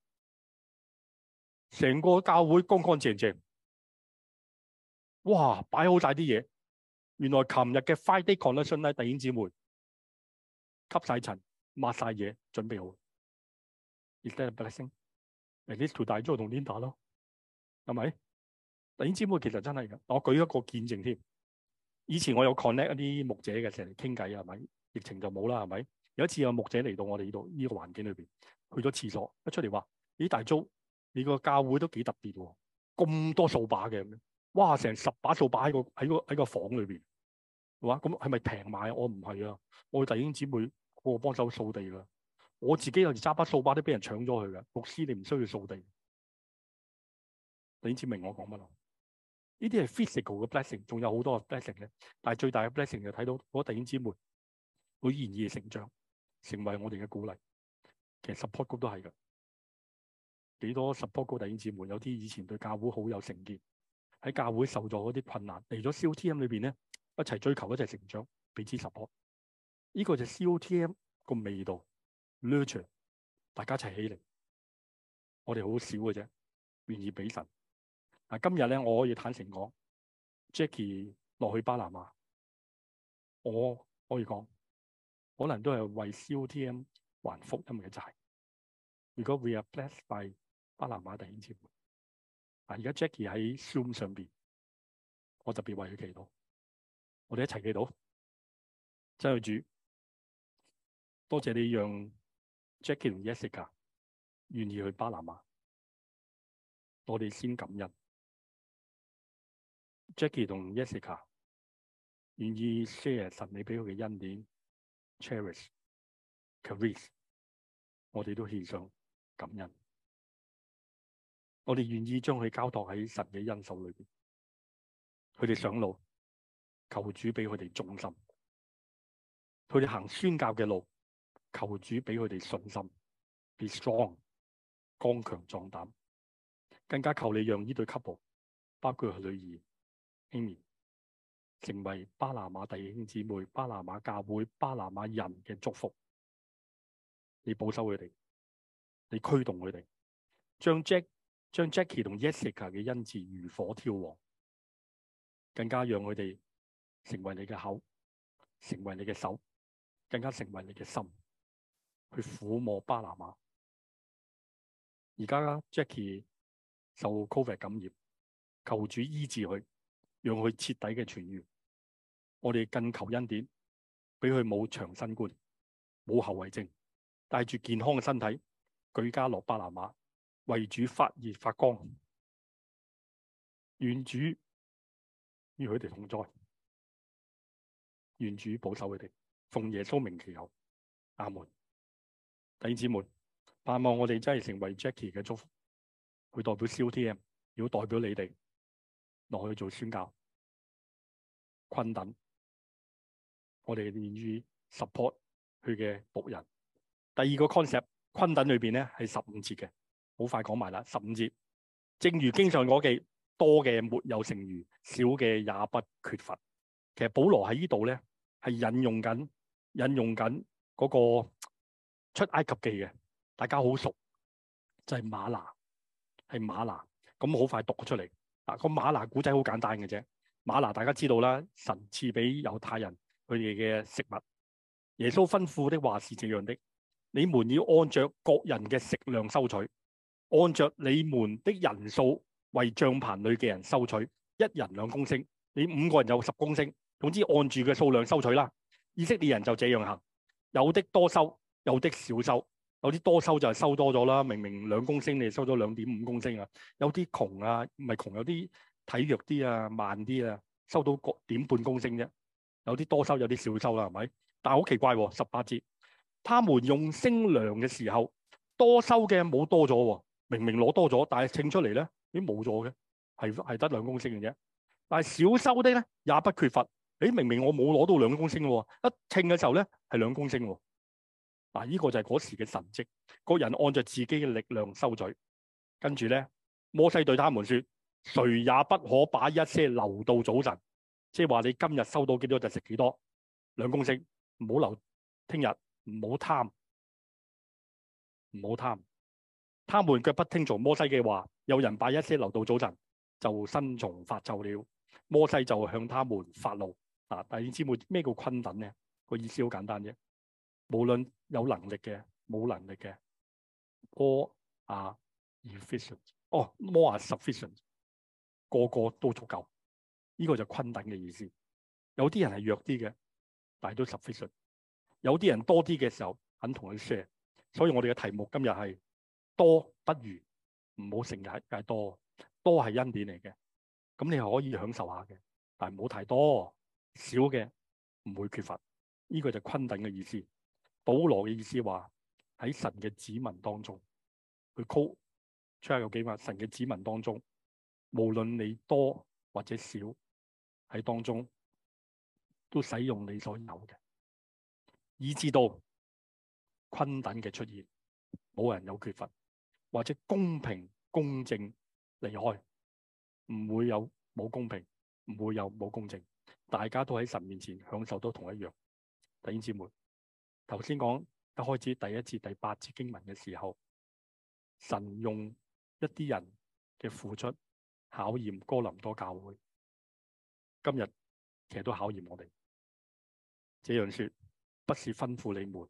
成個教會乾乾淨淨，哇！擺好晒啲嘢，原來琴日嘅 Friday connection 咧，弟兄姊妹吸晒塵，抹晒嘢，準備好。is that a blessing？least 呢條大租同 Linda 咯，係咪？弟兄姊妹其實真係㗎，我舉一個見證添。以前我有 connect 一啲牧者嘅，成日傾偈啊，係咪？疫情就冇啦，係咪？有一次有牧者嚟到我哋呢度呢個環境裏面，去咗廁所一出嚟話：咦，大租！你個教會都幾特別的，咁多掃把嘅咁樣，哇，成十把掃把喺個喺個喺個房裏邊，係咁係咪平買？我唔係啊，我弟兄姊妹我幫手掃地啦，我自己有時揸把掃把都俾人搶咗佢嘅。牧師你唔需要掃地，弟兄姊妹我講乜啦？呢啲係 physical 嘅 blessing，仲有好多 blessing，但係最大嘅 blessing 就睇到我的弟兄姊妹，佢願意成長，成為我哋嘅鼓勵。其實 support group 都係噶。幾多十波嘅弟兄姊妹，有啲以前對教會好有成見，喺教會受咗嗰啲困難，嚟咗 COTM 裡邊咧，一齊追求，一齊成長，彼此十波，呢、呢個就 COTM 個味道。Large 大家一齊起嚟，我哋好少嘅啫，願意俾神。嗱，今日咧，我可以坦誠講，Jackie 落去巴拿馬，我可以講，可能都係為 COTM 還福音嘅債。如果 we are blessed by 巴拿馬第二次會，啊！而家 Jackie 喺 Zoom 上面。我特別為佢祈禱，我哋一齊祈禱。真主，多謝你讓 Jackie 同 Jessica 願意去巴拿馬，我哋先感恩。Jackie 同 Jessica 願意 share 神你俾佢嘅恩典，cherish，cherish，我哋都獻上感恩。我哋願意將佢交託喺神嘅恩手裏邊，佢哋上路，求主俾佢哋忠心；佢哋行宣教嘅路，求主俾佢哋信心，Be strong，剛強壯膽。更加求你讓呢對夫婦，包括佢女兒 Amy，成為巴拿馬弟兄姊妹、巴拿馬教會、巴拿馬人嘅祝福。你保守佢哋，你驅動佢哋，將 Jack。將 Jackie 同 Jessica 嘅恩賜如火挑旺，更加讓佢哋成為你嘅口，成為你嘅手，更加成為你嘅心，去撫摸巴拿馬。而家啦，Jackie 受 Covid 感染，求主醫治佢，讓佢徹底嘅痊癒。我哋更求恩典，俾佢冇長新冠，冇後遺症，帶住健康嘅身體，舉家落巴拿馬。為主發熱發光，願主與佢哋同在，願主保守佢哋，奉耶穌名祈求，阿門。弟兄們，盼望我哋真係成為 Jackie 嘅祝福，佢代表 COTM，如果代表你哋落去做宣教，坤等，我哋願意 support 佢嘅僕人。第二個 concept，坤等裏邊咧係十五節嘅。好快講埋啦，十五節，正如經上所記，多嘅沒有剩餘，少嘅也不缺乏。其實保羅喺呢度咧，係引用緊引用緊嗰個出埃及記嘅，大家好熟，就係馬拿，係馬拿。咁好快讀出嚟啊！嗱，個馬拿古仔好簡單嘅啫。馬拿大家知道啦，神賜俾猶太人佢哋嘅食物。耶穌吩咐的話是這樣的，你們要按照各人嘅食量收取。按着你們的人數為帳棚裏嘅人收取，一人兩公升，你五個人就十公升。總之按住嘅數量收取啦。以色列人就這樣行，有的多收，有的少收，有啲多收就係收多咗啦。明明兩公升，你收咗兩點五公升啊。有啲窮啊，唔係窮，有啲體弱啲啊，慢啲啊，收到個點半公升啫。有啲多收，有啲少收啦，係咪？但係好奇怪喎，十八節，他們用升量嘅時候，多收嘅冇多咗喎。明明攞多咗，但係稱出嚟咧，已經冇咗嘅，係得兩公升嘅啫。但係少收啲咧，也不缺乏。你明明我冇攞到兩公升喎、啊，一稱嘅時候咧係兩公升喎、啊。嗱、啊，呢、這個就係嗰時嘅神蹟。個人按著自己嘅力量收嘴，跟住咧摩西對他們說，誰也不可把一些留到早晨，即係話你今日收到幾多就食幾多，兩公升，唔好留，聽日唔好貪，唔好貪。他們卻不聽從摩西嘅話，有人把一些留到早晨，就生蟲發臭了。摩西就向他們發怒。啊，弟兄姊妹，咩叫均等咧？個意思好簡單啫，無論有能力嘅、冇能力嘅，個啊 efficient，哦，more 啊 sufficient，個個都足夠。呢、這個就均等嘅意思。有啲人係弱啲嘅，但係都 sufficient；有啲人多啲嘅時候肯同佢 share。所以我哋嘅題目今日係。多不如唔好成日計多，多係恩典嚟嘅，咁你可以享受下嘅，但係唔好太多，少嘅唔會缺乏，呢、這個就均等嘅意思。保羅嘅意思話喺神嘅指紋當中，佢 c a l l c h 有幾個，神嘅指紋當中，無論你多或者少喺當中，都使用你所有嘅，以至到均等嘅出現，冇人有缺乏。或者公平公正離開，唔會有冇公平，唔會有冇公正，大家都喺神面前享受到同一樣。弟兄姊妹，頭先講一開始第一次第八節經文嘅時候，神用一啲人嘅付出考驗哥林多教會，今日其實都考驗我哋。這樣說不是吩咐你們，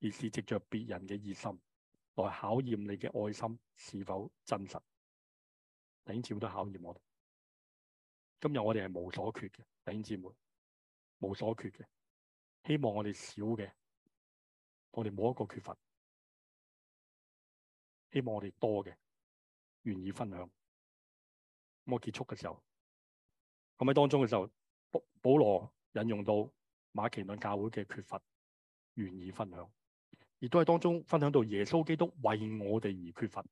而是藉着別人嘅熱心，來考驗你嘅愛心是否真實，弟兄姊妹都考驗我哋。今日我哋係無所缺嘅，弟兄姊妹無所缺嘅。希望我哋少嘅，我哋冇一個缺乏；希望我哋多嘅，願意分享。咁我結束嘅時候，咁喺當中嘅時候，保羅引用到馬其頓教會嘅缺乏，願意分享。亦都係當中分享到耶穌基督為我哋而缺乏，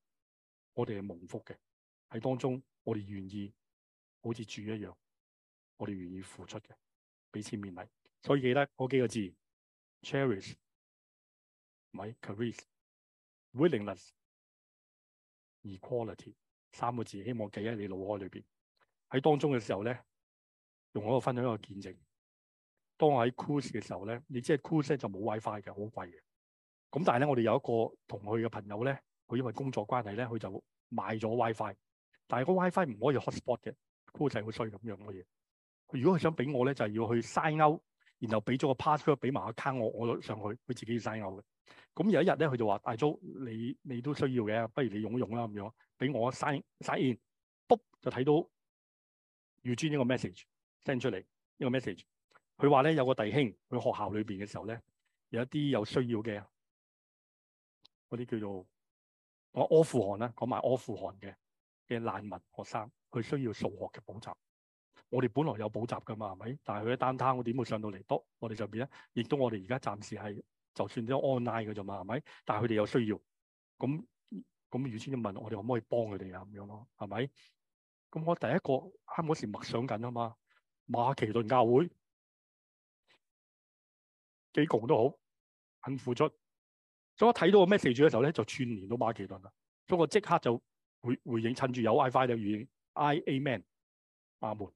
我哋係蒙福嘅。喺當中我哋願意好似主一樣，我哋願意付出嘅，彼此勉勵。所以記得嗰幾個字：cherish，咪，charity，willingness，equality，三個字，希望記喺你腦海裏邊。喺當中嘅時候咧，用我個分享一個見證。當我喺 Cruise 嘅時候咧，你知 Cruise 就冇 WiFi 嘅，好貴嘅。咁但係咧，我哋有一個同佢嘅朋友咧，佢因為工作關係咧，佢就買咗 WiFi，但係個 WiFi 唔可以 hotspot 嘅，估仔好衰咁樣嘅嘢。如果佢想俾我咧，就係、是、要去 sign out 然後俾咗個 password，俾埋個卡我我上去，佢自己要 sign out 嘅。咁有一日咧，佢就話：，大嫂、啊，你你都需要嘅，不如你用一用啦咁樣，俾我 sign sign in，卜就睇到預、e、轉、這個、呢個 message send 出嚟，呢個 message。佢話咧，有個弟兄去學校裏面嘅時候咧，有一啲有需要嘅。嗰啲叫做我阿富汗啦，講埋阿富汗嘅嘅難民學生，佢需要數學嘅補習。我哋本來有補習㗎嘛，係咪？但係佢一 d o e 我哋點會上到嚟督？我哋就邊咧，亦都我哋而家暫時係就算咗 online 㗎咋嘛，係咪？但係佢哋有需要，咁咁語先就問我哋可唔可以幫佢哋啊？咁樣咯，係咪？咁我第一個啱嗰時默想緊啊嘛，馬其頓教會幾窮都好，肯付出。所以我睇到個 message 嘅時候咧，就串連到馬其頓啦。所以我即刻就回回應，趁住有 WiFi 就回應。I amen，阿門。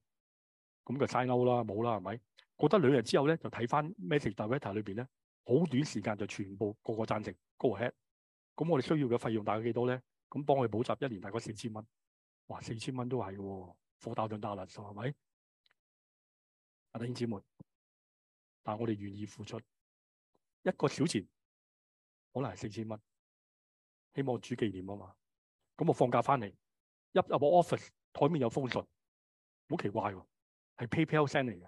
咁就 sign out 啦，冇啦，係咪？過得兩日之後咧，就睇翻 message data 裏邊咧，好短時間就全部個個贊成。Go ahead。咁我哋需要嘅費用大概幾多咧？咁幫我哋補習一年大概四千蚊。哇，四千蚊都係嘅喎，貨大量大啦，係咪？阿弟兄姊妹，但係我哋願意付出一個小錢。可能係四千蚊，希望主紀念啊嘛。咁我放假翻嚟，入入個 office 台面，有封信，好奇怪喎，係 PayPal send 嚟嘅。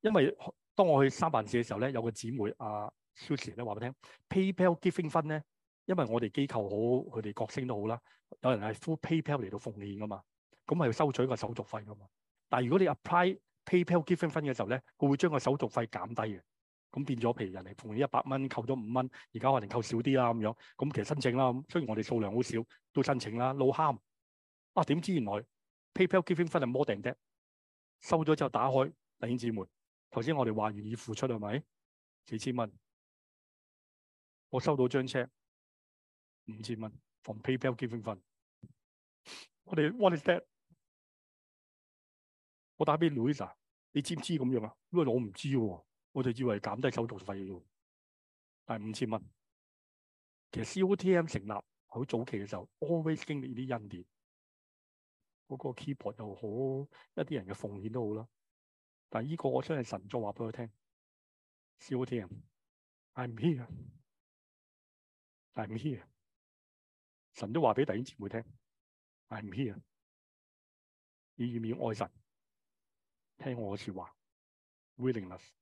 因為當我去三萬四嘅時候咧，有個姊妹阿 Sue 咧話畀你聽 PayPal Giving Fund 咧，因為我哋機構好，佢哋國星都好啦，有人係付 PayPal 嚟到奉獻噶嘛，咁係要收取個手續費噶嘛。但係如果你 apply PayPal Giving Fund 嘅時候咧，佢會將個手續費減低嘅。咁變咗，譬如人哋逢年一百蚊扣咗五蚊，而家可能扣少啲啦咁樣。咁其實申請啦，雖然我哋數量好少，都申請啦。no harm 啊，點知原來 PayPal Giving Fund 係 more than that，收咗之後打開。弟兄姊妹，頭先我哋話願意付出係咪？四千蚊，我收到張 check 五千蚊 from PayPal Giving Fund。我哋 What is that？我打俾 Louisa，你知唔知咁樣啊？因為我唔知喎。我哋以為減低手續費用，但五千蚊。其實 COTM 成立好早期嘅時候，always 經歷啲恩典。嗰、那個 keyboard 又好，一啲人嘅奉獻都好啦。但呢個我相信神再話俾佢聽，COTM，I'm here，I'm here。Here. 神都話俾弟兄姐妹聽，I'm here。你願唔願愛神？聽我說話話，Willingness。Will